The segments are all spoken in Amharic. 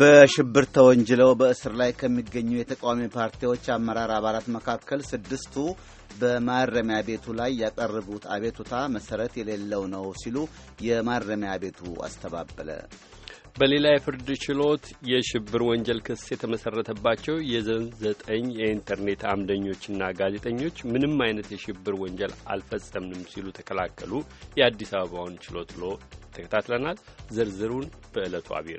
በሽብር ተወንጅለው በእስር ላይ ከሚገኙ የተቃዋሚ ፓርቲዎች አመራር አባላት መካከል ስድስቱ በማረሚያ ቤቱ ላይ ያቀረቡት አቤቱታ መሰረት የሌለው ነው ሲሉ የማረሚያ ቤቱ አስተባበለ። በሌላ የፍርድ ችሎት የሽብር ወንጀል ክስ የተመሰረተባቸው የዘን ዘጠኝ የኢንተርኔት አምደኞችና ጋዜጠኞች ምንም አይነት የሽብር ወንጀል አልፈጸምንም ሲሉ ተከላከሉ። የአዲስ አበባውን ችሎት ሎ ተከታትለናል። ዝርዝሩን በዕለቱ አብይ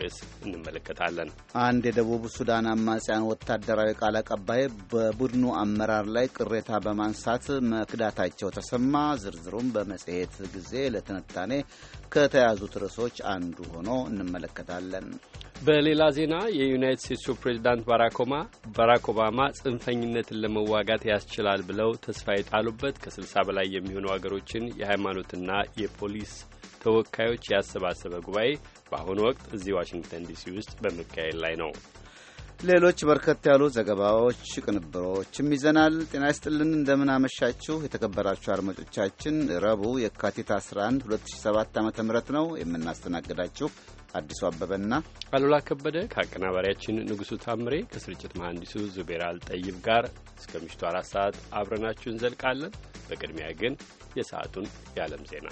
እንመለከታለን። አንድ የደቡብ ሱዳን አማጽያን ወታደራዊ ቃል አቀባይ በቡድኑ አመራር ላይ ቅሬታ በማንሳት መክዳታቸው ተሰማ። ዝርዝሩም በመጽሔት ጊዜ ለትንታኔ ከተያዙት ርዕሶች አንዱ ሆኖ እንመለከታለን። በሌላ ዜና የዩናይት ስቴትሱ ፕሬዚዳንት ባራክ ኦባማ ጽንፈኝነትን ለመዋጋት ያስችላል ብለው ተስፋ የጣሉበት ከ60 በላይ የሚሆኑ ሀገሮችን የሃይማኖትና የፖሊስ ተወካዮች ያሰባሰበ ጉባኤ በአሁኑ ወቅት እዚህ ዋሽንግተን ዲሲ ውስጥ በመካሄድ ላይ ነው። ሌሎች በርከት ያሉ ዘገባዎች፣ ቅንብሮችም ይዘናል። ጤና ይስጥልን፣ እንደምን አመሻችሁ የተከበራችሁ አድማጮቻችን። ረቡዕ የካቲት 11 2007 ዓ ም ነው የምናስተናግዳችሁ አዲሱ አበበና አሉላ ከበደ ከአቀናባሪያችን ንጉሱ ታምሬ ከስርጭት መሐንዲሱ ዙቤራል ጠይብ ጋር እስከ ምሽቱ አራት ሰዓት አብረናችሁ እንዘልቃለን። በቅድሚያ ግን የሰዓቱን የዓለም ዜና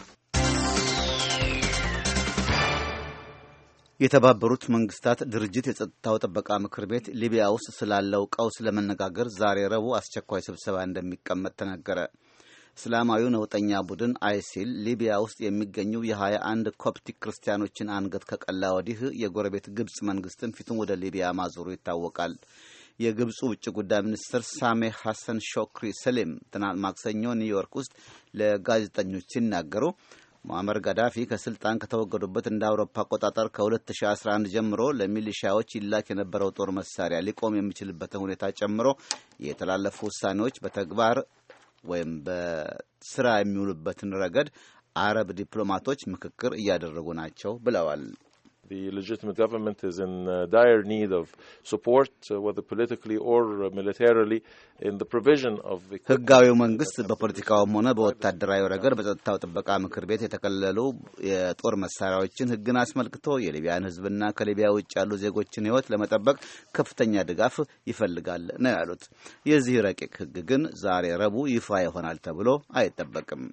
የተባበሩት መንግስታት ድርጅት የጸጥታው ጥበቃ ምክር ቤት ሊቢያ ውስጥ ስላለው ቀውስ ለመነጋገር ዛሬ ረቡዕ አስቸኳይ ስብሰባ እንደሚቀመጥ ተነገረ። እስላማዊው ነውጠኛ ቡድን አይሲል ሊቢያ ውስጥ የሚገኙ የ አንድ ኮፕቲክ ክርስቲያኖችን አንገት ከቀላ ወዲህ የጎረቤት ግብፅ መንግስትም ፊቱን ወደ ሊቢያ ማዞሩ ይታወቃል። የግብፁ ውጭ ጉዳይ ሚኒስትር ሳሜ ሐሰን ሾክሪ ሰሌም ትናንት ማክሰኞ ኒውዮርክ ውስጥ ለጋዜጠኞች ሲናገሩ ሙአመር ጋዳፊ ከስልጣን ከተወገዱበት እንደ አውሮፓ አቆጣጠር ከ2011 ጀምሮ ለሚሊሻዎች ይላክ የነበረው ጦር መሳሪያ ሊቆም የሚችልበትን ሁኔታ ጨምሮ የተላለፉ ውሳኔዎች በተግባር ወይም በስራ የሚውሉበትን ረገድ አረብ ዲፕሎማቶች ምክክር እያደረጉ ናቸው ብለዋል። The legitimate government is in uh, dire need of support, uh, whether politically or uh, militarily, in the provision of... ህጋዊው መንግስት በፖለቲካውም ሆነ በወታደራዊ ረገድ በጸጥታው ጥበቃ ምክር ቤት የተከለሉ የጦር መሳሪያዎችን ህግን አስመልክቶ የሊቢያን ህዝብና ከሊቢያ ውጭ ያሉ ዜጎችን ህይወት ለመጠበቅ ከፍተኛ ድጋፍ ይፈልጋል ነው ያሉት። የዚህ ረቂቅ ህግ ግን ዛሬ ረቡዕ ይፋ ይሆናል ተብሎ አይጠበቅም።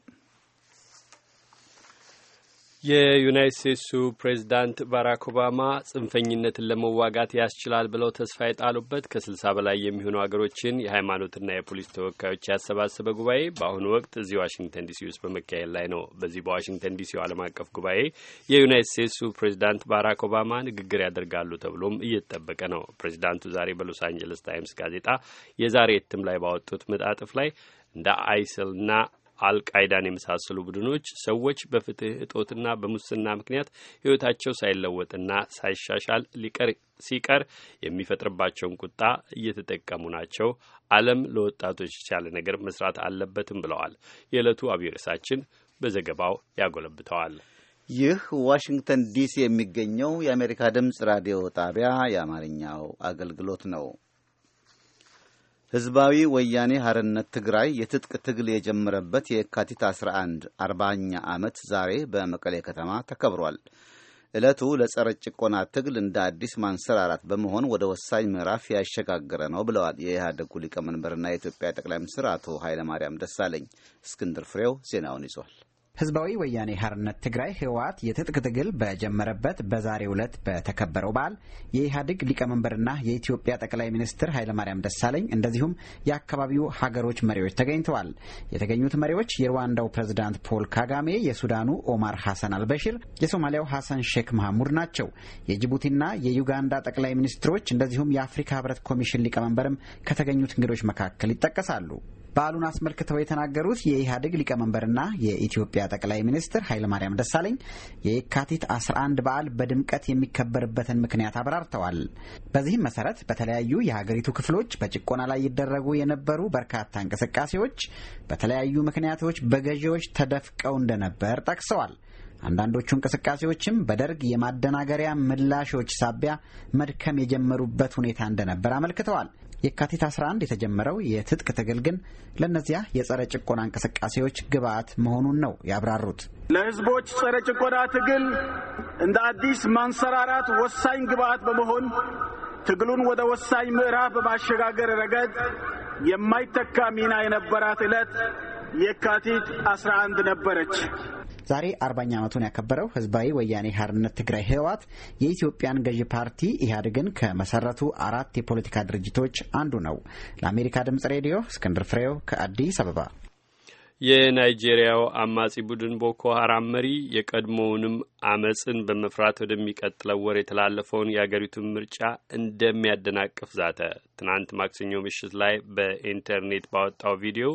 የዩናይት ስቴትሱ ፕሬዚዳንት ባራክ ኦባማ ጽንፈኝነትን ለመዋጋት ያስችላል ብለው ተስፋ የጣሉበት ከስልሳ በላይ የሚሆኑ ሀገሮችን የሃይማኖትና የፖሊስ ተወካዮች ያሰባሰበ ጉባኤ በአሁኑ ወቅት እዚህ ዋሽንግተን ዲሲ ውስጥ በመካሄድ ላይ ነው። በዚህ በዋሽንግተን ዲሲው ዓለም አቀፍ ጉባኤ የዩናይት ስቴትሱ ፕሬዚዳንት ባራክ ኦባማ ንግግር ያደርጋሉ ተብሎም እየተጠበቀ ነው። ፕሬዚዳንቱ ዛሬ በሎስ አንጀለስ ታይምስ ጋዜጣ የዛሬ እትም ላይ ባወጡት መጣጥፍ ላይ እንደ አይስልና አልቃይዳን የመሳሰሉ ቡድኖች ሰዎች በፍትህ እጦትና በሙስና ምክንያት ህይወታቸው ሳይለወጥና ሳይሻሻል ሲቀር የሚፈጥርባቸውን ቁጣ እየተጠቀሙ ናቸው። ዓለም ለወጣቶች የቻለ ነገር መስራት አለበትም ብለዋል። የዕለቱ አብይ ርዕሳችን በዘገባው ያጎለብተዋል። ይህ ዋሽንግተን ዲሲ የሚገኘው የአሜሪካ ድምፅ ራዲዮ ጣቢያ የአማርኛው አገልግሎት ነው። ህዝባዊ ወያኔ ሐርነት ትግራይ የትጥቅ ትግል የጀመረበት የካቲት 11 አርባኛ ዓመት ዛሬ በመቀሌ ከተማ ተከብሯል። ዕለቱ ለጸረ ጭቆና ትግል እንደ አዲስ ማንሰራራት በመሆን ወደ ወሳኝ ምዕራፍ ያሸጋገረ ነው ብለዋል የኢህአደጉ ሊቀመንበርና የኢትዮጵያ ጠቅላይ ሚኒስትር አቶ ኃይለማርያም ደሳለኝ። እስክንድር ፍሬው ዜናውን ይዟል። ህዝባዊ ወያኔ ሀርነት ትግራይ ህወሓት የትጥቅ ትግል በጀመረበት በዛሬው ዕለት በተከበረው በዓል የኢህአዴግ ሊቀመንበርና የኢትዮጵያ ጠቅላይ ሚኒስትር ኃይለማርያም ደሳለኝ እንደዚሁም የአካባቢው ሀገሮች መሪዎች ተገኝተዋል። የተገኙት መሪዎች የሩዋንዳው ፕሬዝዳንት ፖል ካጋሜ፣ የሱዳኑ ኦማር ሐሰን አልበሽር፣ የሶማሊያው ሐሰን ሼክ መሐሙድ ናቸው። የጅቡቲና የዩጋንዳ ጠቅላይ ሚኒስትሮች እንደዚሁም የአፍሪካ ህብረት ኮሚሽን ሊቀመንበርም ከተገኙት እንግዶች መካከል ይጠቀሳሉ። በዓሉን አስመልክተው የተናገሩት የኢህአዴግ ሊቀመንበርና የኢትዮጵያ ጠቅላይ ሚኒስትር ኃይለማርያም ደሳለኝ የየካቲት 11 በዓል በድምቀት የሚከበርበትን ምክንያት አብራርተዋል። በዚህም መሰረት በተለያዩ የሀገሪቱ ክፍሎች በጭቆና ላይ ይደረጉ የነበሩ በርካታ እንቅስቃሴዎች በተለያዩ ምክንያቶች በገዢዎች ተደፍቀው እንደነበር ጠቅሰዋል። አንዳንዶቹ እንቅስቃሴዎችም በደርግ የማደናገሪያ ምላሾች ሳቢያ መድከም የጀመሩበት ሁኔታ እንደነበር አመልክተዋል። የካቲት 11 የተጀመረው የትጥቅ ትግል ግን ለእነዚያ የጸረ ጭቆና እንቅስቃሴዎች ግብአት መሆኑን ነው ያብራሩት። ለህዝቦች ጸረ ጭቆና ትግል እንደ አዲስ ማንሰራራት ወሳኝ ግብአት በመሆን ትግሉን ወደ ወሳኝ ምዕራፍ በማሸጋገር ረገድ የማይተካ ሚና የነበራት ዕለት የካቲት 11 ነበረች። ዛሬ አርባኛ ዓመቱን ያከበረው ህዝባዊ ወያኔ ሀርነት ትግራይ ህወሓት የኢትዮጵያን ገዢ ፓርቲ ኢህአዴግን ከመሰረቱ አራት የፖለቲካ ድርጅቶች አንዱ ነው። ለአሜሪካ ድምጽ ሬዲዮ እስክንድር ፍሬው ከአዲስ አበባ። የናይጄሪያው አማጺ ቡድን ቦኮ ሀራም መሪ የቀድሞውንም አመፅን በመፍራት ወደሚቀጥለው ወር የተላለፈውን የአገሪቱን ምርጫ እንደሚያደናቅፍ ዛተ። ትናንት ማክሰኞ ምሽት ላይ በኢንተርኔት ባወጣው ቪዲዮ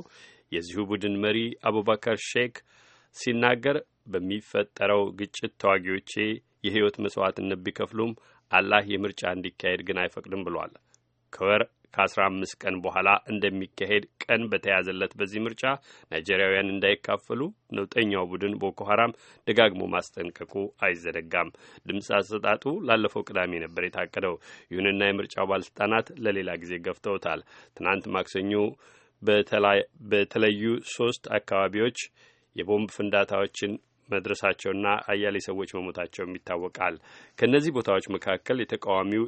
የዚሁ ቡድን መሪ አቡበከር ሼክ ሲናገር በሚፈጠረው ግጭት ተዋጊዎቼ የህይወት መስዋዕትነት ቢከፍሉም አላህ የምርጫ እንዲካሄድ ግን አይፈቅድም ብሏል። ከወር ከአስራ አምስት ቀን በኋላ እንደሚካሄድ ቀን በተያዘለት በዚህ ምርጫ ናይጄሪያውያን እንዳይካፈሉ ነውጠኛው ቡድን ቦኮ ሀራም ደጋግሞ ማስጠንቀቁ አይዘነጋም። ድምፅ አሰጣጡ ላለፈው ቅዳሜ ነበር የታቀደው። ይሁንና የምርጫው ባለስልጣናት ለሌላ ጊዜ ገፍተውታል። ትናንት ማክሰኞ በተለዩ ሶስት አካባቢዎች የቦምብ ፍንዳታዎችን መድረሳቸውና አያሌ ሰዎች መሞታቸውም ይታወቃል። ከእነዚህ ቦታዎች መካከል የተቃዋሚው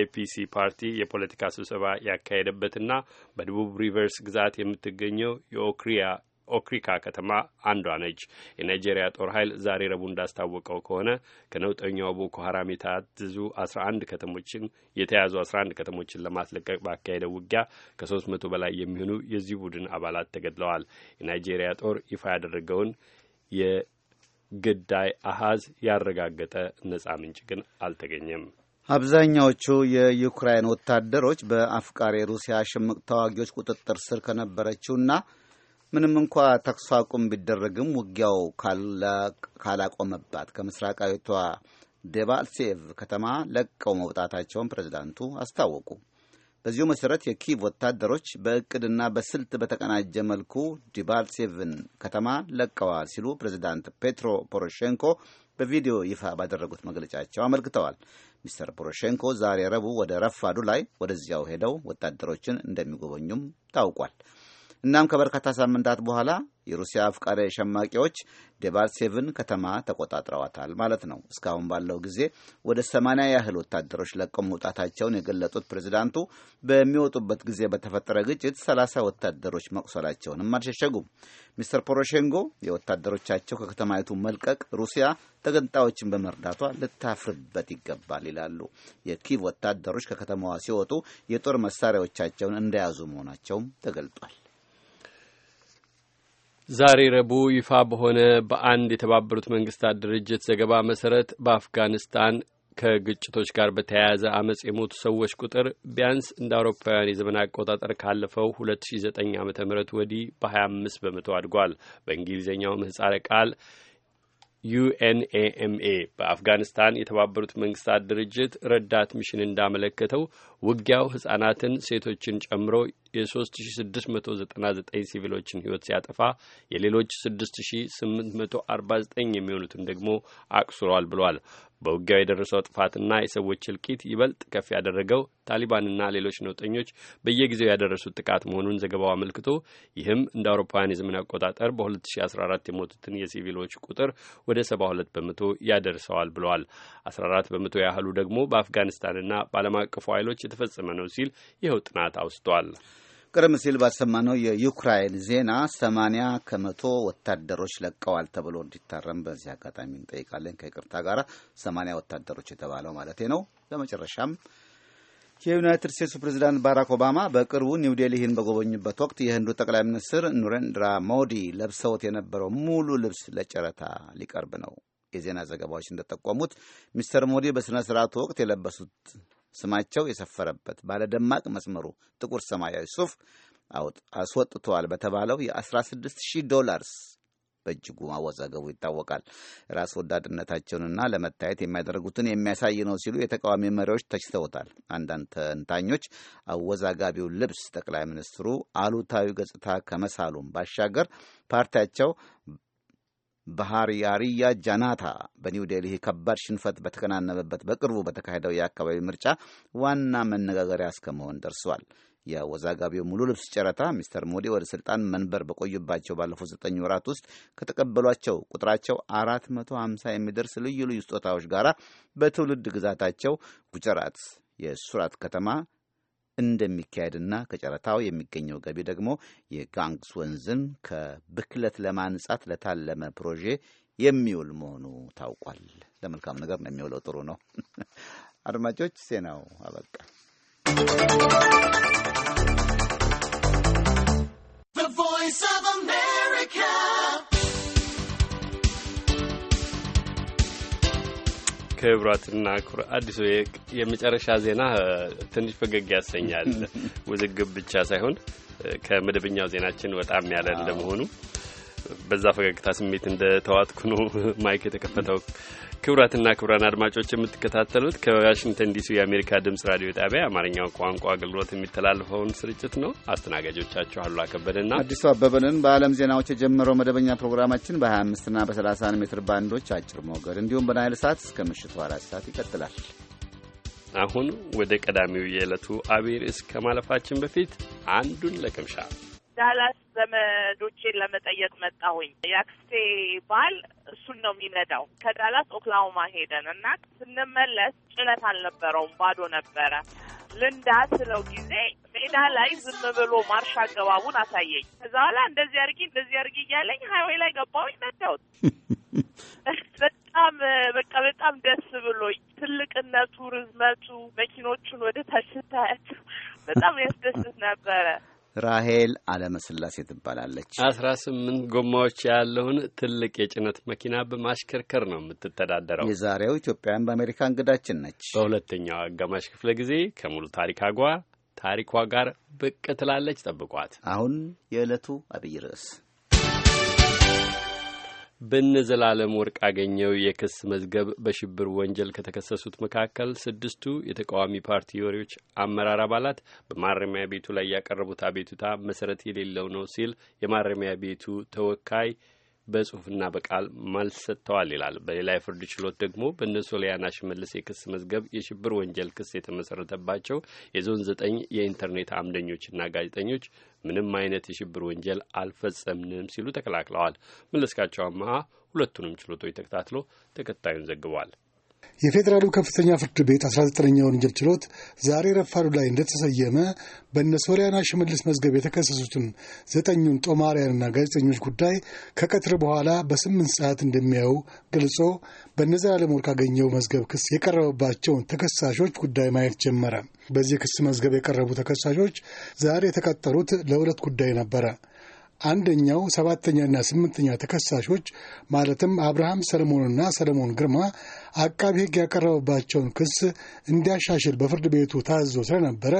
ኤፒሲ ፓርቲ የፖለቲካ ስብሰባ ያካሄደበትና በደቡብ ሪቨርስ ግዛት የምትገኘው የኦክሪያ ኦክሪካ ከተማ አንዷ ነች። የናይጄሪያ ጦር ኃይል ዛሬ ረቡዕ እንዳስታወቀው ከሆነ ከነውጠኛው ቦኮ ሀራም የታዘዙ አንድ ከተሞችን የተያዙ 11 ከተሞችን ለማስለቀቅ ባካሄደው ውጊያ ከሶስት መቶ በላይ የሚሆኑ የዚህ ቡድን አባላት ተገድለዋል። የናይጄሪያ ጦር ይፋ ያደረገውን የግዳይ አሃዝ ያረጋገጠ ነጻ ምንጭ ግን አልተገኘም። አብዛኛዎቹ የዩክራይን ወታደሮች በአፍቃሪ ሩሲያ ሽምቅ ተዋጊዎች ቁጥጥር ስር ከነበረችውና ምንም እንኳ ተኩስ አቁም ቢደረግም ውጊያው ካላቆመባት ከምስራቃዊቷ ደባልሴቭ ከተማ ለቀው መውጣታቸውን ፕሬዚዳንቱ አስታወቁ። በዚሁ መሠረት የኪቭ ወታደሮች በእቅድና በስልት በተቀናጀ መልኩ ዲባልሴቭን ከተማ ለቀዋል ሲሉ ፕሬዚዳንት ፔትሮ ፖሮሼንኮ በቪዲዮ ይፋ ባደረጉት መግለጫቸው አመልክተዋል። ሚስተር ፖሮሼንኮ ዛሬ ረቡዕ ወደ ረፋዱ ላይ ወደዚያው ሄደው ወታደሮችን እንደሚጎበኙም ታውቋል። እናም ከበርካታ ሳምንታት በኋላ የሩሲያ አፍቃሪ ሸማቂዎች ደባርሴቭን ከተማ ተቆጣጥረዋታል ማለት ነው። እስካሁን ባለው ጊዜ ወደ ሰማንያ ያህል ወታደሮች ለቀው መውጣታቸውን የገለጡት ፕሬዚዳንቱ በሚወጡበት ጊዜ በተፈጠረ ግጭት ሰላሳ ወታደሮች መቁሰላቸውንም አልሸሸጉም። ሚስተር ፖሮሼንኮ የወታደሮቻቸው ከከተማይቱ መልቀቅ ሩሲያ ተገንጣዮችን በመርዳቷ ልታፍርበት ይገባል ይላሉ። የኪቭ ወታደሮች ከከተማዋ ሲወጡ የጦር መሳሪያዎቻቸውን እንደያዙ መሆናቸውም ተገልጧል። ዛሬ ረቡዕ ይፋ በሆነ በአንድ የተባበሩት መንግስታት ድርጅት ዘገባ መሰረት በአፍጋኒስታን ከግጭቶች ጋር በተያያዘ አመፅ የሞቱ ሰዎች ቁጥር ቢያንስ እንደ አውሮፓውያን የዘመን አቆጣጠር ካለፈው 2009 ዓ ም ወዲህ በ25 በመቶ አድጓል። በእንግሊዝኛው ምህጻረ ቃል ዩኤንኤኤምኤ በአፍጋኒስታን የተባበሩት መንግስታት ድርጅት ረዳት ሚሽን እንዳመለከተው ውጊያው ሕጻናትን፣ ሴቶችን ጨምሮ የ3699 ሲቪሎችን ሕይወት ሲያጠፋ የሌሎች 6849 የሚሆኑትን ደግሞ አቅስሯል ብሏል። በውጊያው የደረሰው ጥፋትና የሰዎች እልቂት ይበልጥ ከፍ ያደረገው ታሊባንና ሌሎች ነውጠኞች በየጊዜው ያደረሱት ጥቃት መሆኑን ዘገባው አመልክቶ ይህም እንደ አውሮፓውያን የዘመን አቆጣጠር በ2014 የሞቱትን የሲቪሎች ቁጥር ወደ 72 በመቶ ያደርሰዋል ብለዋል። 14 በመቶ ያህሉ ደግሞ በአፍጋኒስታንና በዓለም አቀፉ ኃይሎች የተፈጸመ ነው ሲል ይኸው ጥናት አውስቷል። ቀደም ሲል ባሰማነው የዩክራይን ዜና ሰማንያ ከመቶ ወታደሮች ለቀዋል ተብሎ እንዲታረም በዚህ አጋጣሚ እንጠይቃለን። ከይቅርታ ጋር ሰማንያ ወታደሮች የተባለው ማለት ነው። በመጨረሻም የዩናይትድ ስቴትሱ ፕሬዚዳንት ባራክ ኦባማ በቅርቡ ኒው ዴልሂን በጎበኙበት ወቅት የህንዱ ጠቅላይ ሚኒስትር ኑሬንድራ ሞዲ ለብሰውት የነበረው ሙሉ ልብስ ለጨረታ ሊቀርብ ነው። የዜና ዘገባዎች እንደጠቆሙት ሚስተር ሞዲ በሥነ ሥርዓቱ ወቅት የለበሱት ስማቸው የሰፈረበት ባለ ደማቅ መስመሩ ጥቁር ሰማያዊ ሱፍ አስወጥተዋል በተባለው የ16 ሺህ ዶላርስ በእጅጉ ማወዛገቡ ይታወቃል። ራስ ወዳድነታቸውንና ለመታየት የሚያደርጉትን የሚያሳይ ነው ሲሉ የተቃዋሚ መሪዎች ተችተውታል። አንዳንድ ተንታኞች አወዛጋቢው ልብስ ጠቅላይ ሚኒስትሩ አሉታዊ ገጽታ ከመሳሉም ባሻገር ፓርቲያቸው ያሪያ ጃናታ በኒው ዴልሂ ከባድ ሽንፈት በተከናነበበት በቅርቡ በተካሄደው የአካባቢ ምርጫ ዋና መነጋገሪያ እስከመሆን ደርሷል። የወዛጋቢው ሙሉ ልብስ ጨረታ ሚስተር ሞዲ ወደ ስልጣን መንበር በቆዩባቸው ባለፉት ዘጠኝ ወራት ውስጥ ከተቀበሏቸው ቁጥራቸው አራት መቶ ሀምሳ የሚደርስ ልዩ ልዩ ስጦታዎች ጋር በትውልድ ግዛታቸው ጉጀራት የሱራት ከተማ እንደሚካሄድና ከጨረታው የሚገኘው ገቢ ደግሞ የጋንግስ ወንዝን ከብክለት ለማንጻት ለታለመ ፕሮጄ የሚውል መሆኑ ታውቋል። ለመልካም ነገር ነው የሚውለው። ጥሩ ነው። አድማጮች ዜናው አበቃ። ክብራትና አዲሱ የመጨረሻ ዜና ትንሽ ፈገግ ያሰኛል። ውዝግብ ብቻ ሳይሆን ከመደበኛው ዜናችን ወጣም ያለ እንደመሆኑ በዛ ፈገግታ ስሜት እንደ ነው ማይክ የተከፈተው። ክቡራትና ክቡራን አድማጮች የምትከታተሉት ከዋሽንግተን ዲሲ የአሜሪካ ድምጽ ራዲዮ ጣቢያ አማርኛው ቋንቋ አገልግሎት የሚተላለፈውን ስርጭት ነው። አስተናጋጆቻችሁ አሉላ ከበደና አዲሱ አበበንን በዓለም ዜናዎች የጀመረው መደበኛ ፕሮግራማችን በ25ና በ 30 ሜትር ባንዶች አጭር ሞገድ እንዲሁም በናይል ሰዓት እስከ ምሽቱ አራት ሰዓት ይቀጥላል። አሁን ወደ ቀዳሚው የዕለቱ አብይ ርዕስ ከማለፋችን በፊት አንዱን ለቅምሻ ዳላስ ዘመዶቼን ለመጠየቅ መጣሁኝ። የአክስቴ ባል እሱን ነው የሚነዳው። ከዳላስ ኦክላሆማ ሄደን እና ስንመለስ ጭነት አልነበረውም፣ ባዶ ነበረ። ልንዳ ስለው ጊዜ ሜዳ ላይ ዝም ብሎ ማርሻ አገባቡን አሳየኝ። ከዛ በኋላ እንደዚህ አድርጊ እንደዚህ አድርጊ እያለኝ ሀይዌይ ላይ ገባሁኝ፣ ነዳሁት። በጣም በቃ በጣም ደስ ብሎኝ ትልቅነቱ፣ ርዝመቱ፣ መኪኖቹን ወደ ታች ስታያቸው በጣም ያስደስት ነበረ። ራሄል አለመስላሴ ትባላለች። አስራ ስምንት ጎማዎች ያለውን ትልቅ የጭነት መኪና በማሽከርከር ነው የምትተዳደረው። የዛሬው ኢትዮጵያውያን በአሜሪካ እንግዳችን ነች። በሁለተኛው አጋማሽ ክፍለ ጊዜ ከሙሉ ታሪክ አጓ ታሪኳ ጋር ብቅ ትላለች። ጠብቋት። አሁን የዕለቱ አብይ ርዕስ በነዘላለም ወርቅ ያገኘው የክስ መዝገብ በሽብር ወንጀል ከተከሰሱት መካከል ስድስቱ የተቃዋሚ ፓርቲ ወሪዎች አመራር አባላት በማረሚያ ቤቱ ላይ ያቀረቡት አቤቱታ መሰረት የሌለው ነው ሲል የማረሚያ ቤቱ ተወካይ በጽሁፍና በቃል መልስ ሰጥተዋል ይላል። በሌላ የፍርድ ችሎት ደግሞ በእነ ሶሊያና ሽመልስ የክስ መዝገብ የሽብር ወንጀል ክስ የተመሰረተባቸው የዞን ዘጠኝ የኢንተርኔት አምደኞችና ጋዜጠኞች ምንም አይነት የሽብር ወንጀል አልፈጸምንም ሲሉ ተከላክለዋል። መለስካቸው አመሀ ሁለቱንም ችሎቶች ተከታትሎ ተከታዩን ዘግቧል። የፌዴራሉ ከፍተኛ ፍርድ ቤት 19ኛ ወንጀል ችሎት ዛሬ ረፋዱ ላይ እንደተሰየመ በእነ ሶሊያና ሽመልስ መዝገብ የተከሰሱትን ዘጠኙን ጦማርያንና ጋዜጠኞች ጉዳይ ከቀትር በኋላ በስምንት ሰዓት እንደሚያዩ ገልጾ በእነ ዘላለም ካገኘው መዝገብ ክስ የቀረበባቸውን ተከሳሾች ጉዳይ ማየት ጀመረ። በዚህ ክስ መዝገብ የቀረቡ ተከሳሾች ዛሬ የተቀጠሩት ለሁለት ጉዳይ ነበረ። አንደኛው ሰባተኛና ስምንተኛ ተከሳሾች ማለትም አብርሃም ሰለሞንና ሰለሞን ግርማ አቃቢ ሕግ ያቀረበባቸውን ክስ እንዲያሻሽል በፍርድ ቤቱ ታዞ ስለነበረ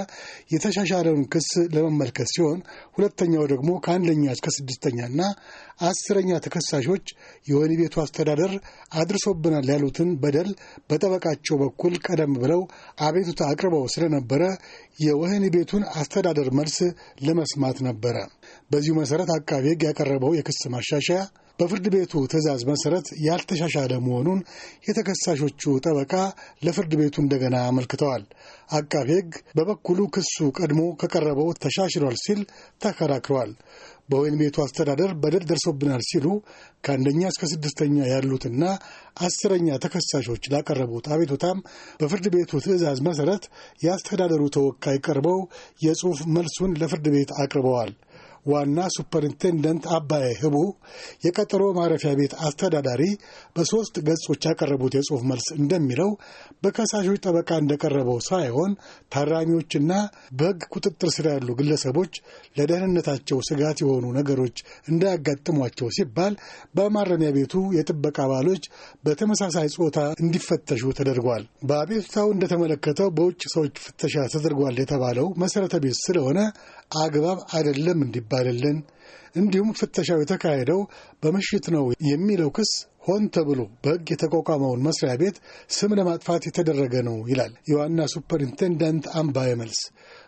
የተሻሻለውን ክስ ለመመልከት ሲሆን ሁለተኛው ደግሞ ከአንደኛ እስከ ስድስተኛና አስረኛ ተከሳሾች የወህኒ ቤቱ አስተዳደር አድርሶብናል ያሉትን በደል በጠበቃቸው በኩል ቀደም ብለው አቤቱታ አቅርበው ስለነበረ የወህኒ ቤቱን አስተዳደር መልስ ለመስማት ነበረ። በዚሁ መሰረት አቃቢ ሕግ ያቀረበው የክስ ማሻሻያ በፍርድ ቤቱ ትዕዛዝ መሰረት ያልተሻሻለ መሆኑን የተከሳሾቹ ጠበቃ ለፍርድ ቤቱ እንደገና አመልክተዋል። አቃቢ ሕግ በበኩሉ ክሱ ቀድሞ ከቀረበው ተሻሽሏል ሲል ተከራክሯል። በወይን ቤቱ አስተዳደር በደል ደርሶብናል ሲሉ ከአንደኛ እስከ ስድስተኛ ያሉትና አስረኛ ተከሳሾች ላቀረቡት አቤቱታም በፍርድ ቤቱ ትዕዛዝ መሰረት የአስተዳደሩ ተወካይ ቀርበው የጽሑፍ መልሱን ለፍርድ ቤት አቅርበዋል። ዋና ሱፐርኢንቴንደንት አባየ ህቡ የቀጠሮ ማረፊያ ቤት አስተዳዳሪ በሦስት ገጾች ያቀረቡት የጽሑፍ መልስ እንደሚለው በከሳሾች ጠበቃ እንደቀረበው ሳይሆን ታራሚዎችና በሕግ ቁጥጥር ስር ያሉ ግለሰቦች ለደህንነታቸው ስጋት የሆኑ ነገሮች እንዳያጋጥሟቸው ሲባል በማረሚያ ቤቱ የጥበቃ አባሎች በተመሳሳይ ጾታ እንዲፈተሹ ተደርጓል። በአቤቱታው እንደተመለከተው በውጭ ሰዎች ፍተሻ ተደርጓል የተባለው መሠረተ ቤት ስለሆነ አግባብ አይደለም እንዲባልልን እንዲሁም ፍተሻው የተካሄደው በምሽት ነው የሚለው ክስ ሆን ተብሎ በሕግ የተቋቋመውን መስሪያ ቤት ስም ለማጥፋት የተደረገ ነው ይላል የዋና ሱፐርኢንቴንዳንት አምባ መልስ።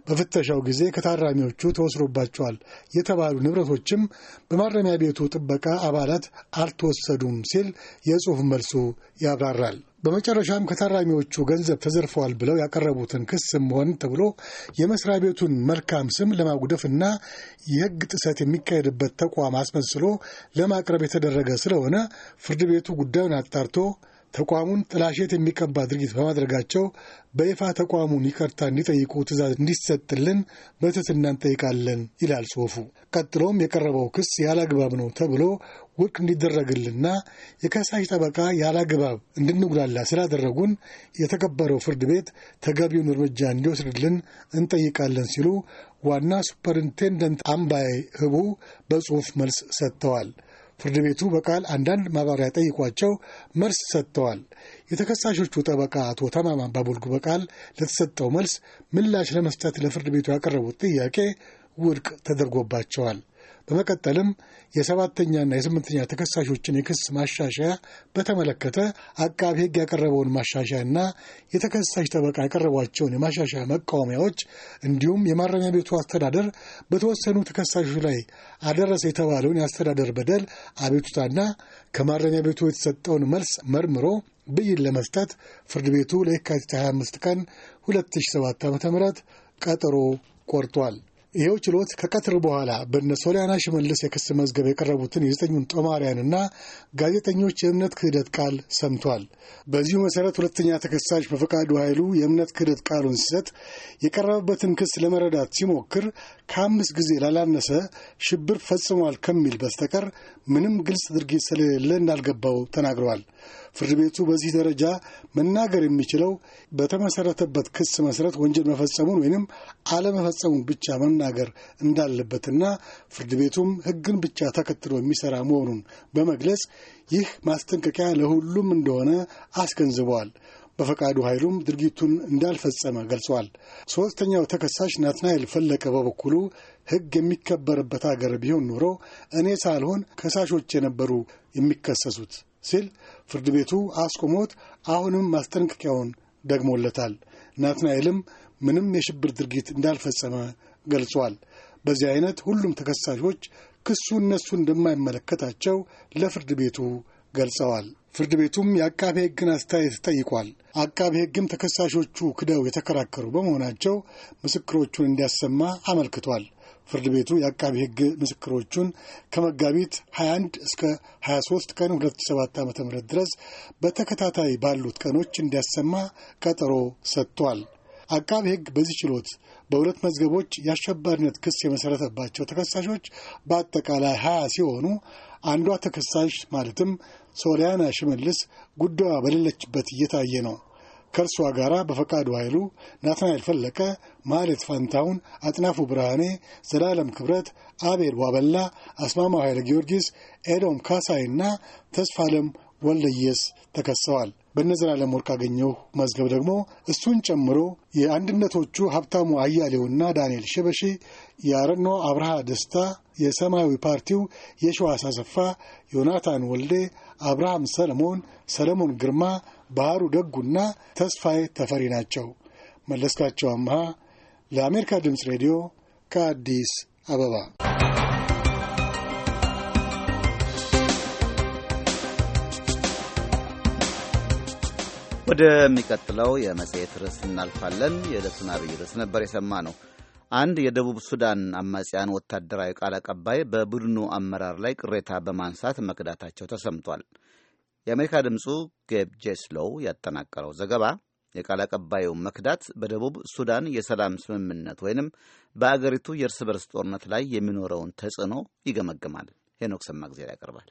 በፍተሻው ጊዜ ከታራሚዎቹ ተወስዶባቸዋል የተባሉ ንብረቶችም በማረሚያ ቤቱ ጥበቃ አባላት አልተወሰዱም ሲል የጽሑፍ መልሱ ያብራራል። በመጨረሻም ከታራሚዎቹ ገንዘብ ተዘርፈዋል ብለው ያቀረቡትን ክስም ሆን ተብሎ የመስሪያ ቤቱን መልካም ስም ለማጉደፍና የሕግ ጥሰት የሚካሄድበት ተቋም አስመስሎ ለማቅረብ የተደረገ ስለሆነ ፍርድ ቤቱ ጉዳዩን አጣርቶ ተቋሙን ጥላሸት የሚቀባ ድርጊት በማድረጋቸው በይፋ ተቋሙን ይቅርታ እንዲጠይቁ ትእዛዝ እንዲሰጥልን በትህትና እንጠይቃለን ይላል ጽሁፉ ቀጥሎም የቀረበው ክስ ያላግባብ ነው ተብሎ ውድቅ እንዲደረግልና የከሳሽ ጠበቃ ያላግባብ እንድንጉላላ ስላደረጉን የተከበረው ፍርድ ቤት ተገቢውን እርምጃ እንዲወስድልን እንጠይቃለን ሲሉ ዋና ሱፐርኢንቴንደንት አምባይ ህቡ በጽሁፍ መልስ ሰጥተዋል። ፍርድ ቤቱ በቃል አንዳንድ ማብራሪያ ጠይቋቸው መልስ ሰጥተዋል። የተከሳሾቹ ጠበቃ አቶ ተማማ አባቦልጉ በቃል ለተሰጠው መልስ ምላሽ ለመስጠት ለፍርድ ቤቱ ያቀረቡት ጥያቄ ውድቅ ተደርጎባቸዋል። በመቀጠልም የሰባተኛና የስምንተኛ ተከሳሾችን የክስ ማሻሻያ በተመለከተ አቃቢ ሕግ ያቀረበውን ማሻሻያና የተከሳሽ ጠበቃ ያቀረቧቸውን የማሻሻያ መቃወሚያዎች እንዲሁም የማረሚያ ቤቱ አስተዳደር በተወሰኑ ተከሳሾች ላይ አደረሰ የተባለውን የአስተዳደር በደል አቤቱታና ከማረሚያ ቤቱ የተሰጠውን መልስ መርምሮ ብይን ለመስጠት ፍርድ ቤቱ ለየካቲት 25 ቀን 2007 ዓ.ም ቀጠሮ ቆርጧል። ይኸው ችሎት ከቀትር በኋላ በነ ሶሊያና ሽመልስ የክስ መዝገብ የቀረቡትን የዘጠኙን ጦማሪያንና ጋዜጠኞች የእምነት ክህደት ቃል ሰምቷል። በዚሁ መሠረት ሁለተኛ ተከሳሽ በፈቃዱ ኃይሉ የእምነት ክህደት ቃሉን ሲሰጥ የቀረበበትን ክስ ለመረዳት ሲሞክር ከአምስት ጊዜ ላላነሰ ሽብር ፈጽሟል ከሚል በስተቀር ምንም ግልጽ ድርጊት ስለሌለ እንዳልገባው ተናግረዋል። ፍርድ ቤቱ በዚህ ደረጃ መናገር የሚችለው በተመሰረተበት ክስ መሰረት ወንጀል መፈጸሙን ወይንም አለመፈጸሙን ብቻ መናገር እንዳለበትና ፍርድ ቤቱም ሕግን ብቻ ተከትሎ የሚሰራ መሆኑን በመግለጽ ይህ ማስጠንቀቂያ ለሁሉም እንደሆነ አስገንዝበዋል። በፈቃዱ ኃይሉም ድርጊቱን እንዳልፈጸመ ገልጿል። ሦስተኛው ተከሳሽ ናትናኤል ፈለቀ በበኩሉ ሕግ የሚከበርበት አገር ቢሆን ኖሮ እኔ ሳልሆን ከሳሾች የነበሩ የሚከሰሱት ሲል ፍርድ ቤቱ አስቆሞት አሁንም ማስጠንቀቂያውን ደግሞለታል። ናትናኤልም ምንም የሽብር ድርጊት እንዳልፈጸመ ገልጿል። በዚህ አይነት ሁሉም ተከሳሾች ክሱ እነሱ እንደማይመለከታቸው ለፍርድ ቤቱ ገልጸዋል። ፍርድ ቤቱም የአቃቤ ሕግን አስተያየት ጠይቋል። አቃቤ ሕግም ተከሳሾቹ ክደው የተከራከሩ በመሆናቸው ምስክሮቹን እንዲያሰማ አመልክቷል። ፍርድ ቤቱ የአቃቢ ሕግ ምስክሮቹን ከመጋቢት 21 እስከ 23 ቀን 2007 ዓ ም ድረስ በተከታታይ ባሉት ቀኖች እንዲያሰማ ቀጠሮ ሰጥቷል። አቃቢ ሕግ በዚህ ችሎት በሁለት መዝገቦች የአሸባሪነት ክስ የመሠረተባቸው ተከሳሾች በአጠቃላይ 20 ሲሆኑ አንዷ ተከሳሽ ማለትም ሶሊያና ሽመልስ ጉዳዩ በሌለችበት እየታየ ነው። ከእርሷ ጋር በፈቃዱ ኃይሉ፣ ናትናኤል ፈለቀ፣ ማሌት ፋንታውን፣ አጥናፉ ብርሃኔ፣ ዘላለም ክብረት፣ አቤል ዋበላ፣ አስማማው ኃይለ ጊዮርጊስ፣ ኤዶም ካሳይና ተስፋለም ወልደየስ ተከሰዋል። በእነ ዘላለም ወርቅአገኘሁ መዝገብ ደግሞ እሱን ጨምሮ የአንድነቶቹ ሀብታሙ አያሌውና ዳንኤል ሽበሺ፣ የአረኖ አብርሃ ደስታ፣ የሰማያዊ ፓርቲው የሸዋስ አሰፋ፣ ዮናታን ወልዴ፣ አብርሃም ሰለሞን፣ ሰለሞን ግርማ ባህሩ ደጉና ተስፋዬ ተፈሪ ናቸው። መለስካቸው አምሃ ለአሜሪካ ድምፅ ሬዲዮ ከአዲስ አበባ ወደሚቀጥለው የመጽሔት ርዕስ እናልፋለን። የዕለቱን አብይ ርዕስ ነበር የሰማ ነው። አንድ የደቡብ ሱዳን አማጽያን ወታደራዊ ቃል አቀባይ በቡድኑ አመራር ላይ ቅሬታ በማንሳት መክዳታቸው ተሰምቷል። የአሜሪካ ድምፁ ጌብ ጄስሎው ያጠናቀረው ዘገባ የቃል አቀባዩ መክዳት በደቡብ ሱዳን የሰላም ስምምነት ወይንም በአገሪቱ የእርስ በርስ ጦርነት ላይ የሚኖረውን ተጽዕኖ ይገመግማል። ሄኖክ ሰማግዜር ያቀርባል።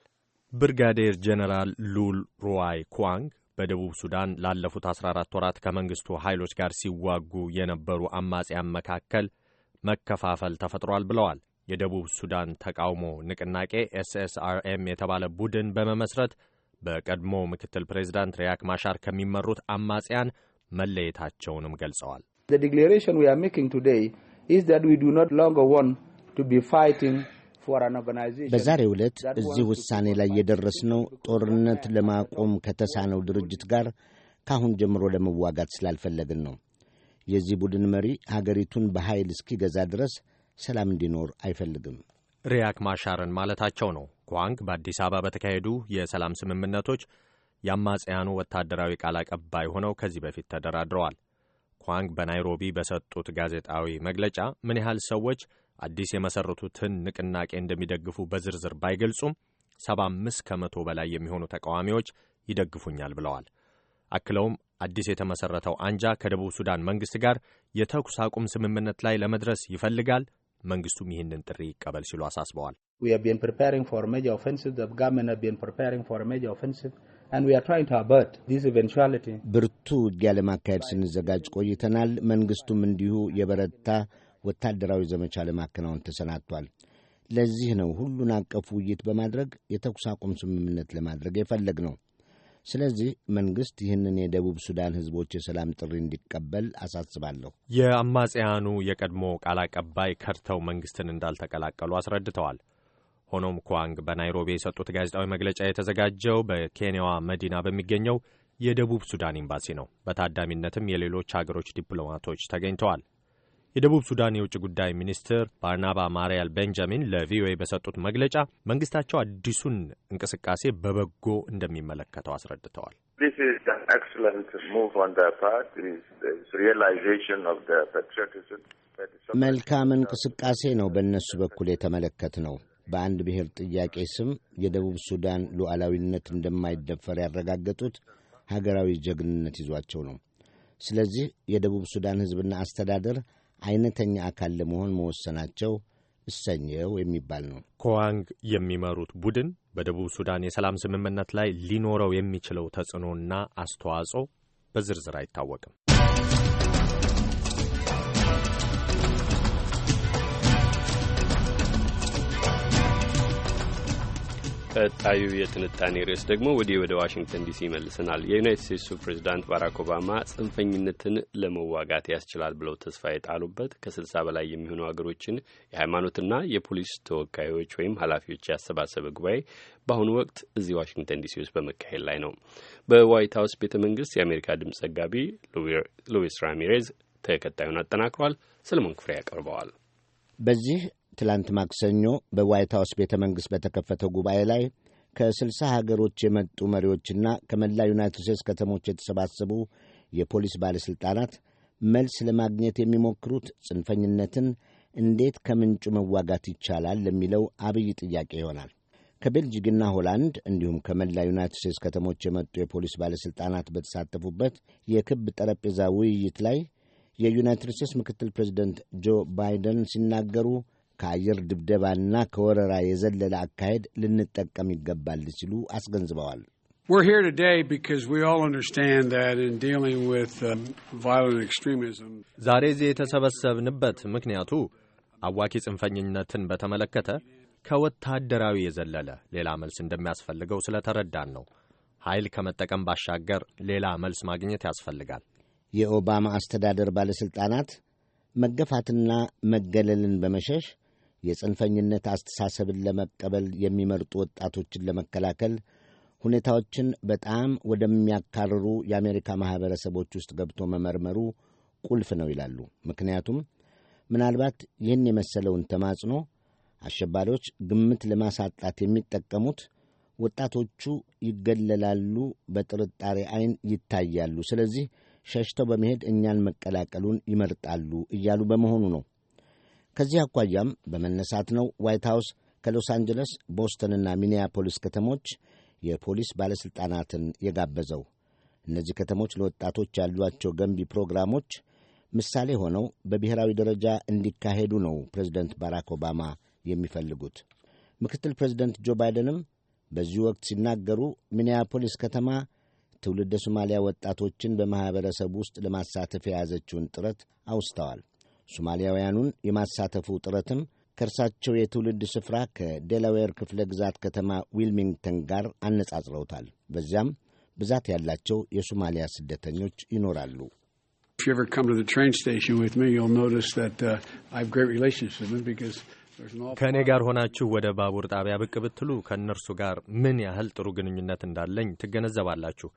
ብርጋዴር ጄኔራል ሉል ሩዋይ ኩዋንግ በደቡብ ሱዳን ላለፉት 14 ወራት ከመንግሥቱ ኃይሎች ጋር ሲዋጉ የነበሩ አማጽያን መካከል መከፋፈል ተፈጥሯል ብለዋል። የደቡብ ሱዳን ተቃውሞ ንቅናቄ ኤስኤስአርኤም የተባለ ቡድን በመመስረት በቀድሞ ምክትል ፕሬዚዳንት ሪያክ ማሻር ከሚመሩት አማጽያን መለየታቸውንም ገልጸዋል። በዛሬ declaration ዕለት እዚህ ውሳኔ ላይ የደረስነው ጦርነት ለማቆም ከተሳነው ድርጅት ጋር ካሁን ጀምሮ ለመዋጋት ስላልፈለግን ነው። የዚህ ቡድን መሪ ሀገሪቱን በኃይል እስኪገዛ ድረስ ሰላም እንዲኖር አይፈልግም። ሪያክ ማሻርን ማለታቸው ነው። ኳንግ በአዲስ አበባ በተካሄዱ የሰላም ስምምነቶች የአማጽያኑ ወታደራዊ ቃል አቀባይ ሆነው ከዚህ በፊት ተደራድረዋል። ኳንግ በናይሮቢ በሰጡት ጋዜጣዊ መግለጫ ምን ያህል ሰዎች አዲስ የመሠረቱትን ንቅናቄ እንደሚደግፉ በዝርዝር ባይገልጹም 75 ከመቶ በላይ የሚሆኑ ተቃዋሚዎች ይደግፉኛል ብለዋል። አክለውም አዲስ የተመሠረተው አንጃ ከደቡብ ሱዳን መንግሥት ጋር የተኩስ አቁም ስምምነት ላይ ለመድረስ ይፈልጋል፣ መንግስቱም ይህንን ጥሪ ይቀበል ሲሉ አሳስበዋል። ብርቱ ውጊያ ለማካሄድ ስንዘጋጅ ቆይተናል። መንግስቱም እንዲሁ የበረታ ወታደራዊ ዘመቻ ለማከናወን ተሰናድቷል። ለዚህ ነው ሁሉን አቀፍ ውይይት በማድረግ የተኩስ አቁም ስምምነት ለማድረግ የፈለግ ነው። ስለዚህ መንግሥት ይህንን የደቡብ ሱዳን ሕዝቦች የሰላም ጥሪ እንዲቀበል አሳስባለሁ። የአማጽያኑ የቀድሞ ቃል አቀባይ ከድተው መንግሥትን እንዳልተቀላቀሉ አስረድተዋል። ሆኖም ኳንግ በናይሮቢ የሰጡት ጋዜጣዊ መግለጫ የተዘጋጀው በኬንያዋ መዲና በሚገኘው የደቡብ ሱዳን ኤምባሲ ነው። በታዳሚነትም የሌሎች አገሮች ዲፕሎማቶች ተገኝተዋል። የደቡብ ሱዳን የውጭ ጉዳይ ሚኒስትር ባርናባ ማርያል ቤንጃሚን ለቪኦኤ በሰጡት መግለጫ መንግስታቸው አዲሱን እንቅስቃሴ በበጎ እንደሚመለከተው አስረድተዋል። መልካም እንቅስቃሴ ነው በእነሱ በኩል የተመለከት ነው። በአንድ ብሔር ጥያቄ ስም የደቡብ ሱዳን ሉዓላዊነት እንደማይደፈር ያረጋገጡት ሀገራዊ ጀግንነት ይዟቸው ነው። ስለዚህ የደቡብ ሱዳን ሕዝብና አስተዳደር አይነተኛ አካል ለመሆን መወሰናቸው እሰኘው የሚባል ነው። ኮዋንግ የሚመሩት ቡድን በደቡብ ሱዳን የሰላም ስምምነት ላይ ሊኖረው የሚችለው ተጽዕኖና አስተዋጽኦ በዝርዝር አይታወቅም። ቀጣዩ የትንታኔ ርዕስ ደግሞ ወዲህ ወደ ዋሽንግተን ዲሲ ይመልሰናል። የዩናይት ስቴትሱ ፕሬዚዳንት ባራክ ኦባማ ጽንፈኝነትን ለመዋጋት ያስችላል ብለው ተስፋ የጣሉበት ከስልሳ በላይ የሚሆኑ ሀገሮችን የሃይማኖትና የፖሊስ ተወካዮች ወይም ኃላፊዎች ያሰባሰበ ጉባኤ በአሁኑ ወቅት እዚህ ዋሽንግተን ዲሲ ውስጥ በመካሄድ ላይ ነው። በዋይት ሀውስ ቤተ መንግስት የአሜሪካ ድምፅ ዘጋቢ ሉዊስ ራሚሬዝ ተከታዩን አጠናክሯል። ሰለሞን ክፍሬ ያቀርበዋል። በዚህ ትላንት ማክሰኞ በዋይት ሀውስ ቤተ መንግሥት በተከፈተው ጉባኤ ላይ ከስልሳ ሀገሮች የመጡ መሪዎችና ከመላ ዩናይትድ ስቴትስ ከተሞች የተሰባሰቡ የፖሊስ ባለሥልጣናት መልስ ለማግኘት የሚሞክሩት ጽንፈኝነትን እንዴት ከምንጩ መዋጋት ይቻላል ለሚለው አብይ ጥያቄ ይሆናል። ከቤልጅግና ሆላንድ እንዲሁም ከመላ ዩናይትድ ስቴትስ ከተሞች የመጡ የፖሊስ ባለሥልጣናት በተሳተፉበት የክብ ጠረጴዛ ውይይት ላይ የዩናይትድ ስቴትስ ምክትል ፕሬዚደንት ጆ ባይደን ሲናገሩ ከአየር ድብደባና ከወረራ የዘለለ አካሄድ ልንጠቀም ይገባል ሲሉ አስገንዝበዋል። um, ዛሬ እዚህ የተሰበሰብንበት ምክንያቱ አዋኪ ጽንፈኝነትን በተመለከተ ከወታደራዊ የዘለለ ሌላ መልስ እንደሚያስፈልገው ስለተረዳን ነው። ኃይል ከመጠቀም ባሻገር ሌላ መልስ ማግኘት ያስፈልጋል። የኦባማ አስተዳደር ባለሥልጣናት መገፋትና መገለልን በመሸሽ የጽንፈኝነት አስተሳሰብን ለመቀበል የሚመርጡ ወጣቶችን ለመከላከል ሁኔታዎችን በጣም ወደሚያካርሩ የአሜሪካ ማኅበረሰቦች ውስጥ ገብቶ መመርመሩ ቁልፍ ነው ይላሉ። ምክንያቱም ምናልባት ይህን የመሰለውን ተማጽኖ አሸባሪዎች ግምት ለማሳጣት የሚጠቀሙት ወጣቶቹ ይገለላሉ፣ በጥርጣሬ ዐይን ይታያሉ። ስለዚህ ሸሽተው በመሄድ እኛን መቀላቀሉን ይመርጣሉ እያሉ በመሆኑ ነው። ከዚህ አኳያም በመነሳት ነው ዋይት ሃውስ ከሎስ አንጀለስ፣ ቦስተንና ሚኒያፖሊስ ከተሞች የፖሊስ ባለሥልጣናትን የጋበዘው። እነዚህ ከተሞች ለወጣቶች ያሏቸው ገንቢ ፕሮግራሞች ምሳሌ ሆነው በብሔራዊ ደረጃ እንዲካሄዱ ነው ፕሬዚደንት ባራክ ኦባማ የሚፈልጉት። ምክትል ፕሬዚደንት ጆ ባይደንም በዚህ ወቅት ሲናገሩ ሚኒያፖሊስ ከተማ ትውልደ ሶማሊያ ወጣቶችን በማኅበረሰብ ውስጥ ለማሳተፍ የያዘችውን ጥረት አውስተዋል። ሶማሊያውያኑን የማሳተፉ ጥረትም ከእርሳቸው የትውልድ ስፍራ ከዴላዌር ክፍለ ግዛት ከተማ ዊልሚንግተን ጋር አነጻጽረውታል። በዚያም ብዛት ያላቸው የሶማሊያ ስደተኞች ይኖራሉ። uh, ከእኔ ጋር ሆናችሁ ወደ ባቡር ጣቢያ ብቅ ብትሉ ከእነርሱ ጋር ምን ያህል ጥሩ ግንኙነት እንዳለኝ ትገነዘባላችሁ።